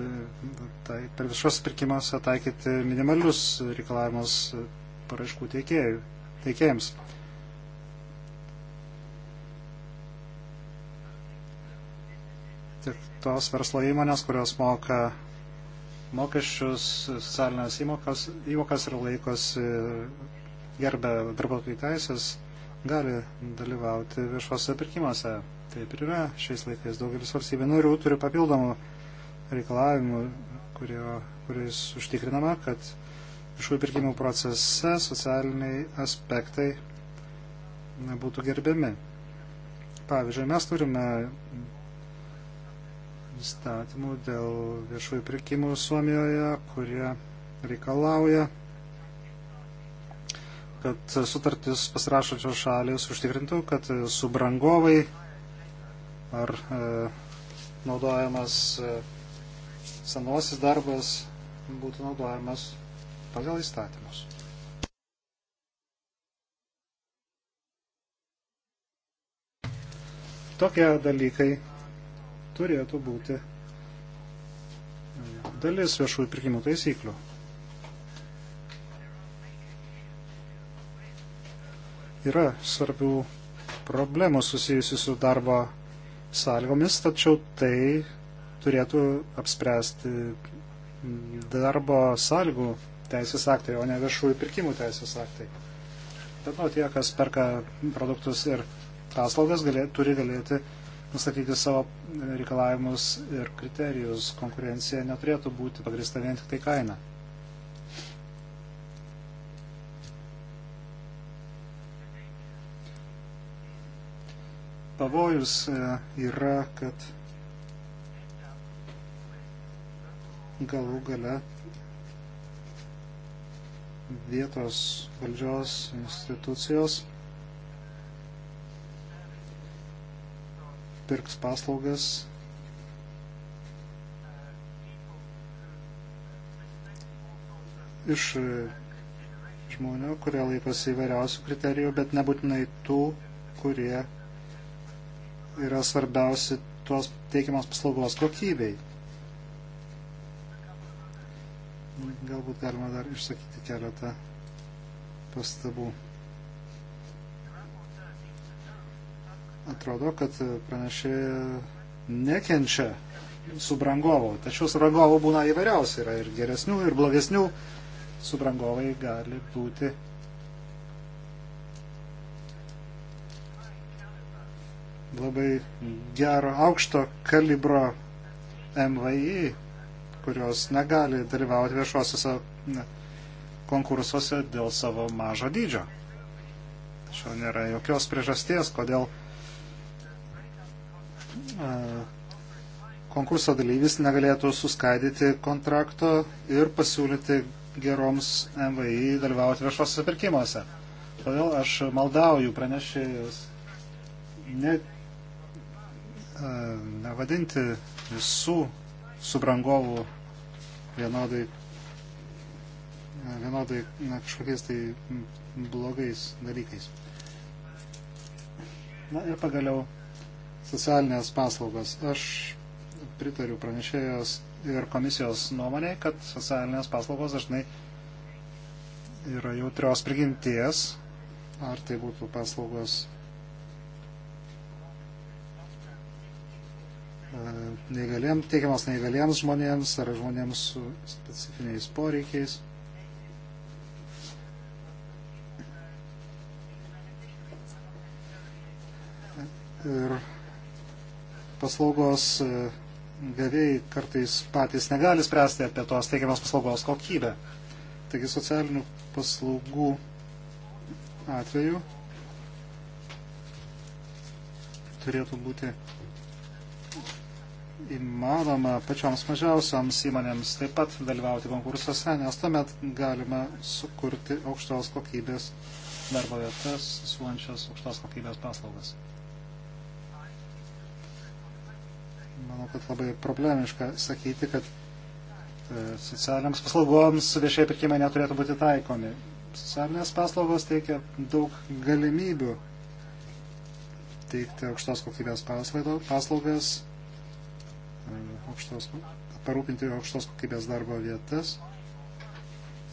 tai, per viešuosius pirkimuose taikyti minimalius reikalavimus paraiškų teikėjų, teikėjams. Tik tos verslo įmonės, kurios moka mokesčius, socialinės įmokas, įmokas ir laikosi gerbę darbuotojų teisės, gali dalyvauti viešuose pirkimuose. Taip ir yra šiais laikais. Daugelis valstybė narių turi papildomų reikalavimų, kurio, kuris užtikrinama, kad viešųjų pirkimų procese socialiniai aspektai būtų gerbiami. Pavyzdžiui, mes turime įstatymų dėl viešųjų pirkimų Suomijoje, kurie reikalauja, kad sutartis pasirašančios šalis užtikrintų, kad subrangovai ar e, naudojamas e, senosis darbas būtų naudojamas pagal įstatymus. Tokie dalykai turėtų būti e, dalis viešųjų pirkimų taisyklių. Yra svarbių problemų susijusių su darbo sąlygomis, tačiau tai turėtų apspręsti darbo sąlygų teisės aktai, o ne viešųjų pirkimų teisės aktai. Bet nu, tie, kas perka produktus ir paslaugas, galė, turi galėti nustatyti savo reikalavimus ir kriterijus. Konkurencija neturėtų būti pagrįsta vien tik tai kaina. pavojus e, yra, kad galų gale vietos valdžios institucijos pirks paslaugas iš žmonių, kurie laikosi įvairiausių kriterijų, bet nebūtinai tų, kurie yra svarbiausi tos teikiamos paslaugos kokybei. Nu, galbūt galima dar išsakyti keletą pastabų. Atrodo, kad pranešė nekenčia subrangovo. Tačiau subrangovo būna įvairiausių. Yra ir geresnių, ir blogesnių. Subrangovai gali būti labai gero aukšto kalibro MVI, kurios negali dalyvauti viešuosiuose konkursuose dėl savo mažo dydžio. Tačiau nėra jokios priežasties, kodėl konkurso dalyvis negalėtų suskaidyti kontrakto ir pasiūlyti geroms MVI dalyvauti viešuosiuose pirkimuose. Todėl aš maldauju pranešėjus net E, nevadinti visų subrangovų vienodai, e, vienodai na, kažkokiais tai blogais dalykais. Na ir pagaliau socialinės paslaugos. Aš pritariu pranešėjos ir komisijos nuomonėje, kad socialinės paslaugos dažnai yra jautrios prigimties, ar tai būtų paslaugos neįgaliems, teikiamas neįgaliems žmonėms ar žmonėms su specifiniais poreikiais. Ir paslaugos e, gavėjai kartais patys negali spręsti apie tos teikiamas paslaugos kokybę. Taigi socialinių paslaugų atveju turėtų būti įmanoma pačioms mažiausiams įmonėms taip pat dalyvauti konkursuose, nes tuomet galima sukurti aukštos kokybės darbo vietas, suvančias aukštos kokybės paslaugas. Manau, kad labai problemiška sakyti, kad e, socialiniams paslaugoms viešai pirkimai neturėtų būti taikomi. Socialinės paslaugos teikia daug galimybių teikti aukštos kokybės paslaugas aukštos, parūpinti aukštos kokybės darbo vietas.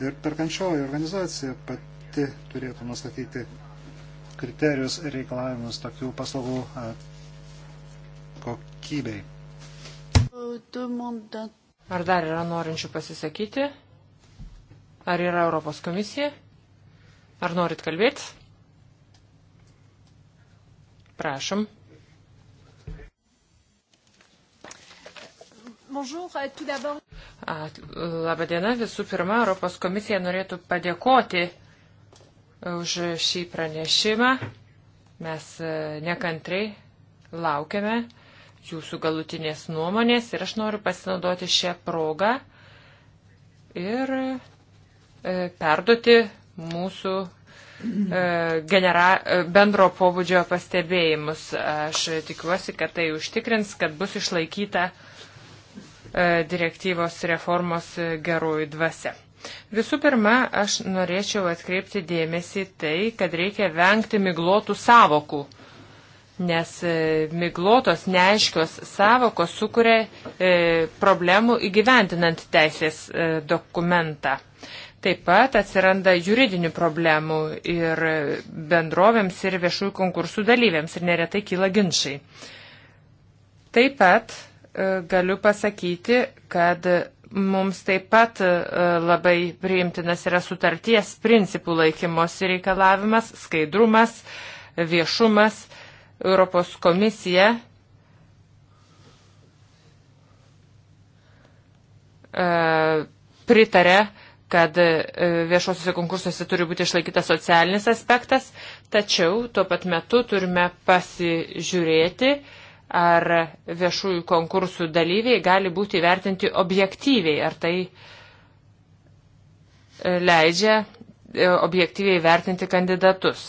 Ir perkančioji organizacija pati turėtų nustatyti kriterijus ir reikalavimus tokių paslaugų kokybei. Ar dar yra norinčių pasisakyti? Ar yra Europos komisija? Ar norit kalbėti? Prašom. Euh, Labadiena, visų pirma, Europos komisija norėtų padėkoti už šį pranešimą. Mes e, nekantrai laukiame jūsų galutinės nuomonės ir aš noriu pasinaudoti šią progą ir e, perduoti mūsų e, genera, bendro pobūdžio pastebėjimus. Aš tikiuosi, kad tai užtikrins, kad bus išlaikyta uh, E, direktyvos reformos e, gerųjų dvasia. Visų pirma, aš norėčiau atkreipti dėmesį tai, kad reikia vengti miglotų savokų, nes e, miglotos neaiškios savokos sukuria e, problemų įgyventinant teisės e, dokumentą. Taip pat atsiranda juridinių problemų ir bendrovėms ir viešųjų konkursų dalyviams ir neretai kyla ginčiai. Taip pat E, galiu pasakyti, kad mums taip pat e, labai priimtinas yra sutarties principų laikymosi reikalavimas, skaidrumas, viešumas. Europos komisija e, pritarė, kad viešuosiuose konkursuose turi būti išlaikytas socialinis aspektas, tačiau tuo pat metu turime pasižiūrėti, ar viešųjų konkursų dalyviai gali būti vertinti objektyviai, ar tai e, leidžia e, objektyviai vertinti kandidatus.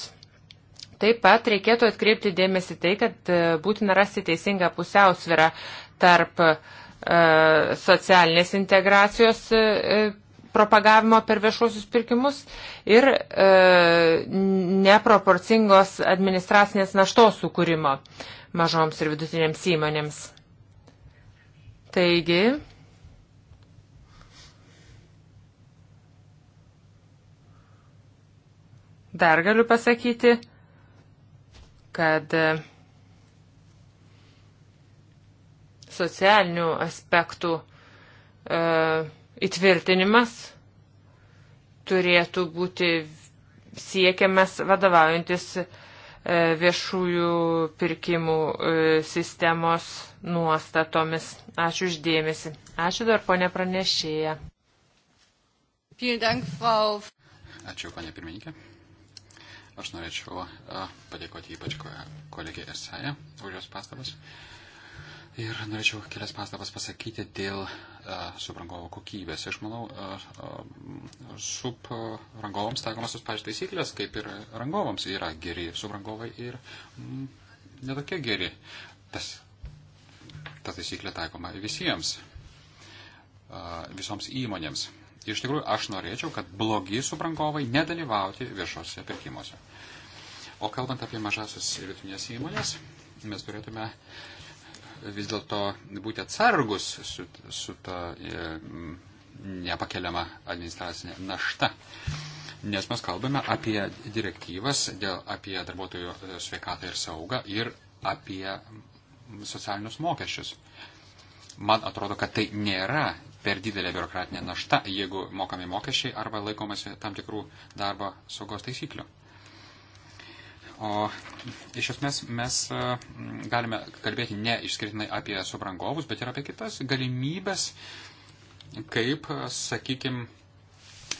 Taip pat reikėtų atkreipti dėmesį tai, kad e, būtina rasti teisingą pusiausvirą tarp socialinės integracijos propagavimo per viešuosius pirkimus ir e, neproporcingos administracinės naštos sukūrimo mažoms ir vidutinėms įmonėms. Taigi, dar galiu pasakyti, kad e, socialinių aspektų e, įtvirtinimas turėtų būti siekiamas vadovaujantis e, viešųjų pirkimų e, sistemos nuostatomis. Ačiū uždėmesi. Ačiū dar ponė pranešėja. Ačiū, ponė pirmininkė. Aš norėčiau padėkoti ypač kolegė Esaja už jos pastabas. Uh, Ir norėčiau kelias pastabas pasakyti dėl uh, e, subrangovo kokybės. Aš manau, uh, uh, subrangovams taikomas tos pačios taisyklės, kaip ir rangovams yra geri subrangovai ir mm, netokie geri. Tas, ta taisyklė taikoma visiems, uh, visoms įmonėms. Iš tikrųjų, aš norėčiau, kad blogi subrangovai nedalyvauti viešose pirkimuose. O kalbant apie mažasis ir vidutinės įmonės, mes turėtume uh, vis dėlto būti atsargus su, su ta e, nepakeliama administracinė našta. Nes mes kalbame apie direktyvas, dėl, apie darbuotojų e, sveikatą ir saugą ir apie socialinius mokesčius. Man atrodo, kad tai nėra per didelė biurokratinė našta, jeigu mokami mokesčiai arba laikomasi tam tikrų darbo saugos taisyklių. O iš esmės mes e, galime kalbėti ne išskirtinai apie subrangovus, bet ir apie kitas galimybės, kaip, e, sakykime,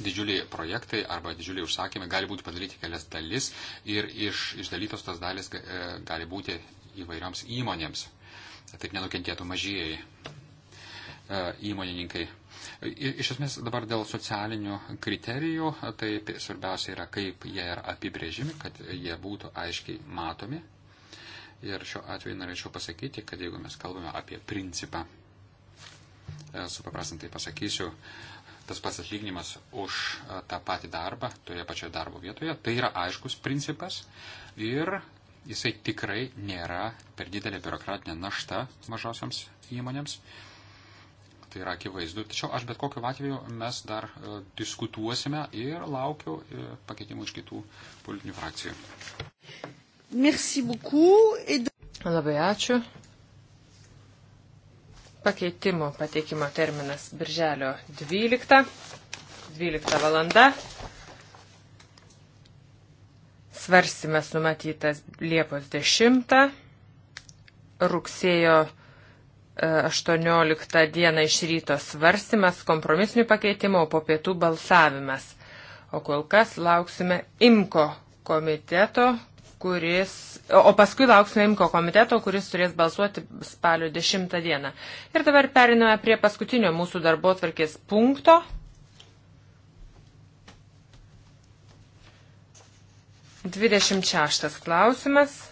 didžiuliai projektai arba didžiuliai užsakymai gali būti padaryti kelias dalis ir iš, išdalytos tas dalis e, gali būti įvairioms įmonėms. Taip nenukentėtų mažieji įmonininkai. Iš esmės dabar dėl socialinių kriterijų, tai svarbiausia yra, kaip jie yra apibrėžimi, kad jie būtų aiškiai matomi. Ir šiuo atveju norėčiau pasakyti, kad jeigu mes kalbame apie principą, e, supaprastintai pasakysiu, tas pats atlyginimas už e, tą patį darbą toje pačioje darbo vietoje, tai yra aiškus principas ir jisai tikrai nėra per didelė biurokratinė našta mažosiams įmonėms. Tai yra akivaizdu. Tačiau aš bet kokiu atveju mes dar e, diskutuosime ir laukiu e, pakeitimų iš kitų politinių frakcijų. Merci beaucoup. Et... Labai ačiū. Pakeitimo pateikimo terminas birželio 12. 12 valanda. Svarsimas numatytas Liepos 10. Rugsėjo 18 dieną iš ryto svarstymas kompromisinių pakeitimų, o po pietų balsavimas. O kol kas lauksime IMKO komiteto, kuris, o paskui lauksime IMKO komiteto, kuris turės balsuoti spalio 10 dieną. Ir dabar periname prie paskutinio mūsų darbo tvarkės punkto. Dvidešimt šeštas klausimas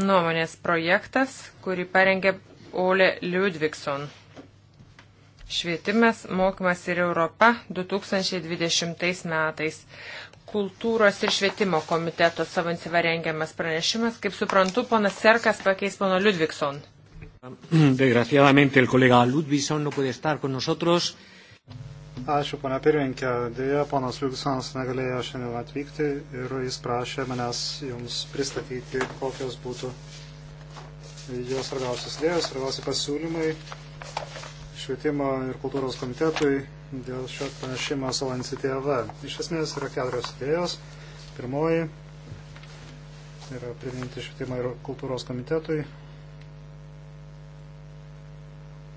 nuomonės projektas, kurį parengė Ole Ludvigson. Švietimas, mokymas ir Europa 2020 metais. Kultūros ir švietimo komiteto savo insivarengiamas pranešimas. Kaip suprantu, ponas Serkas pakeis pono Ludvigson. Desgraciadamente, el kolega Ludvigson no puede estar con nosotros. Ačiū, ponia pirmininkė. Dėja, ponas Vilksonas negalėjo šiandien atvykti ir jis prašė manęs jums pristatyti, kokios būtų jo svarbiausios idėjos, svarbiausi pasiūlymai švietimo ir kultūros komitetui dėl šio pranešimo savo iniciatyvą. Iš esmės yra keturios idėjos. Pirmoji yra priminti švietimo ir kultūros komitetui,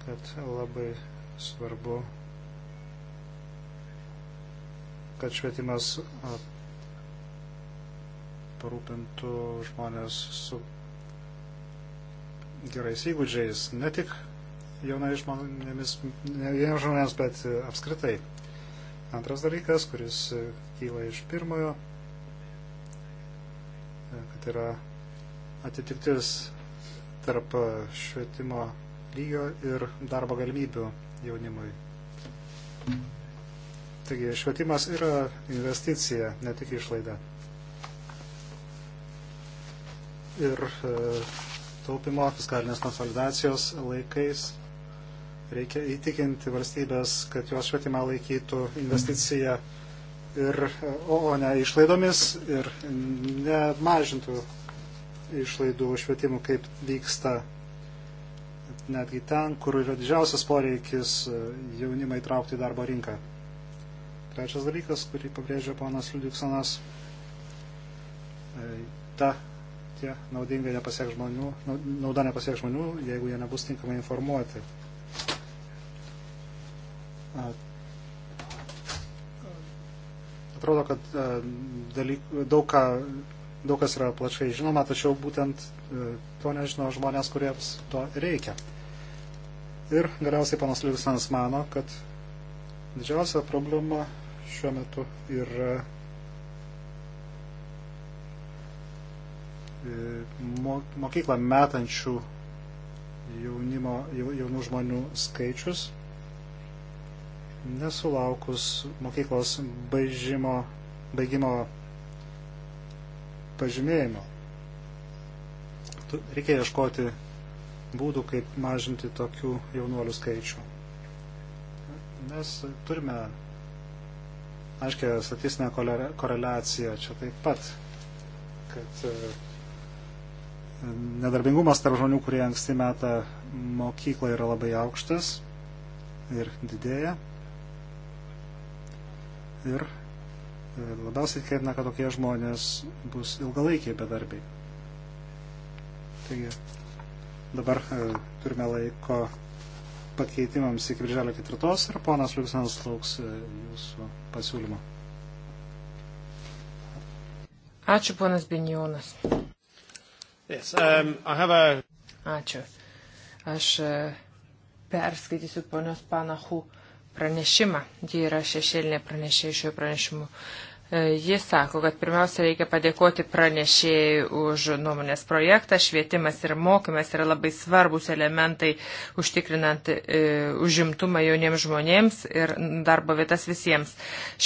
kad labai svarbu kad švietimas parūpintų žmonės su gerais įgūdžiais, ne tik jaunai žmonėmis, ne vieniems žmonėms, bet apskritai. Antras dalykas, kuris kyla iš pirmojo, e, kad yra atitiktis tarp švietimo lygio ir darbo galimybių jaunimui. Thank you. Taigi švietimas yra investicija, ne tik išlaida. Ir e, taupimo fiskalinės konsolidacijos laikais reikia įtikinti valstybės, kad jos švietimą laikytų investicija, ir, e, o, o ne išlaidomis ir nemažintų išlaidų švietimų, kaip vyksta netgi ten, kur yra didžiausias poreikis e, jaunimą įtraukti į darbo rinką. Trečias dalykas, kurį pabrėžė ponas Liudiksonas, tai ta tie naudinga nepasiek žmonių, nauda nepasiek žmonių, jeigu jie nebus tinkamai informuoti. Atrodo, kad e, dalyk, daug, ką, daug kas yra plačiai žinoma, tačiau būtent e, to nežino žmonės, kuriems to reikia. Ir galiausiai panas Liusanas mano, kad didžiausia problema šiuo metu yra e, mokyklą metančių jaunimo, jaunų žmonių skaičius nesulaukus mokyklos baigimo, baigimo pažymėjimo. Reikia ieškoti būdų, kaip mažinti tokių jaunuolių skaičių. Mes turime aiškia statistinė koreliacija čia taip pat, kad e, nedarbingumas tarp žmonių, kurie anksti metą mokyklą yra labai aukštas ir didėja. Ir e, labiausiai tikėtina, kad tokie žmonės bus ilgalaikiai bedarbiai. Taigi dabar e, turime laiko pakeitimams iki birželio ketvirtos ir ponas Liuksanas lauks e, jūsų pasiūlymo. Ačiū, ponas Benjonas. Yes, um, a... Ačiū. Aš e, perskaitysiu ponios Panachų pranešimą. Ji yra šešėlinė pranešė šio pranešimu. Uh, E, jis sako, kad pirmiausia reikia padėkoti pranešėjai už nuomonės projektą. Švietimas ir mokymas yra labai svarbus elementai užtikrinant e, užimtumą jauniems žmonėms ir darbo vietas visiems.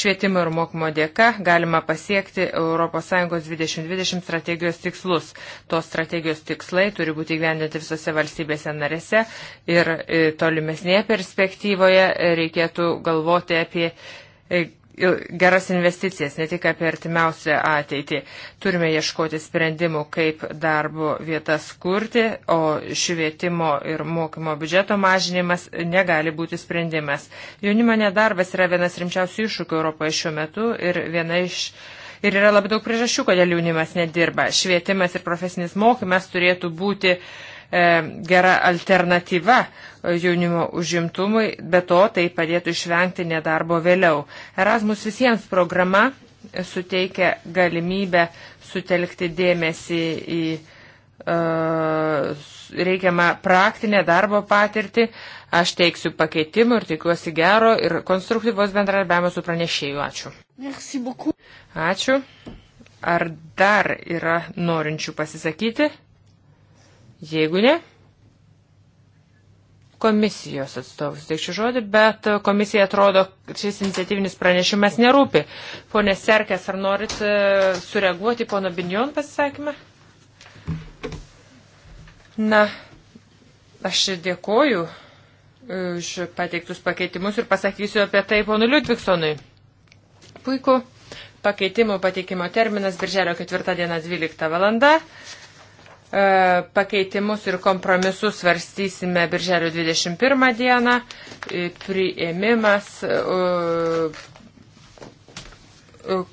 Švietimo ir mokymo dėka galima pasiekti ES 2020 strategijos tikslus. Tos strategijos tikslai turi būti gyvendinti visose valstybėse narėse ir e, tolimesnėje perspektyvoje reikėtų galvoti apie e, geras investicijas, ne tik apie artimiausią ateitį. Turime ieškoti sprendimų, kaip darbo vietas kurti, o švietimo ir mokymo biudžeto mažinimas negali būti sprendimas. Jaunimo nedarbas yra vienas rimčiausių iššūkių Europoje šiuo metu ir viena iš. Ir yra labai daug priežasčių, kodėl jaunimas nedirba. Švietimas ir profesinis mokymas turėtų būti uh, E, gera alternatyva jaunimo užimtumui, be to tai padėtų išvengti nedarbo vėliau. Erasmus visiems programa suteikia galimybę sutelkti dėmesį į e, reikiamą praktinę darbo patirtį. Aš teiksiu pakeitimų ir tikiuosi gero ir konstruktyvos bendradarbiavimo su pranešėju. Ačiū. Ačiū. Ar dar yra norinčių pasisakyti? Jeigu ne, komisijos atstovus teikščių žodį, bet komisija atrodo, kad šis iniciatyvinis pranešimas nerūpi. Pone Serkės, ar norit e, sureaguoti pono Binjon pasisakymą? Na, aš dėkoju e, už pateiktus pakeitimus ir pasakysiu apie tai ponu Liudviksonui. Puiku. Pakeitimų pateikimo terminas birželio 4 diena 12 valanda. E, pakeitimus ir kompromisus svarstysime birželio 21 dieną. E, priėmimas e,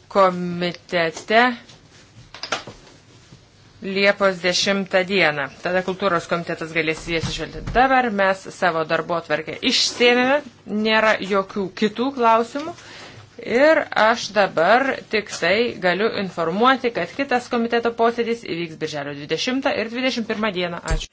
komitete Liepos 10 dieną. Tada kultūros komitetas galės jį atsižvelgti. Dabar mes savo darbo atverkę išsėmėme, nėra jokių kitų klausimų. Ir aš dabar tik tai galiu informuoti, kad kitas komiteto posėdis įvyks birželio 20 ir 21 dieną. Ačiū.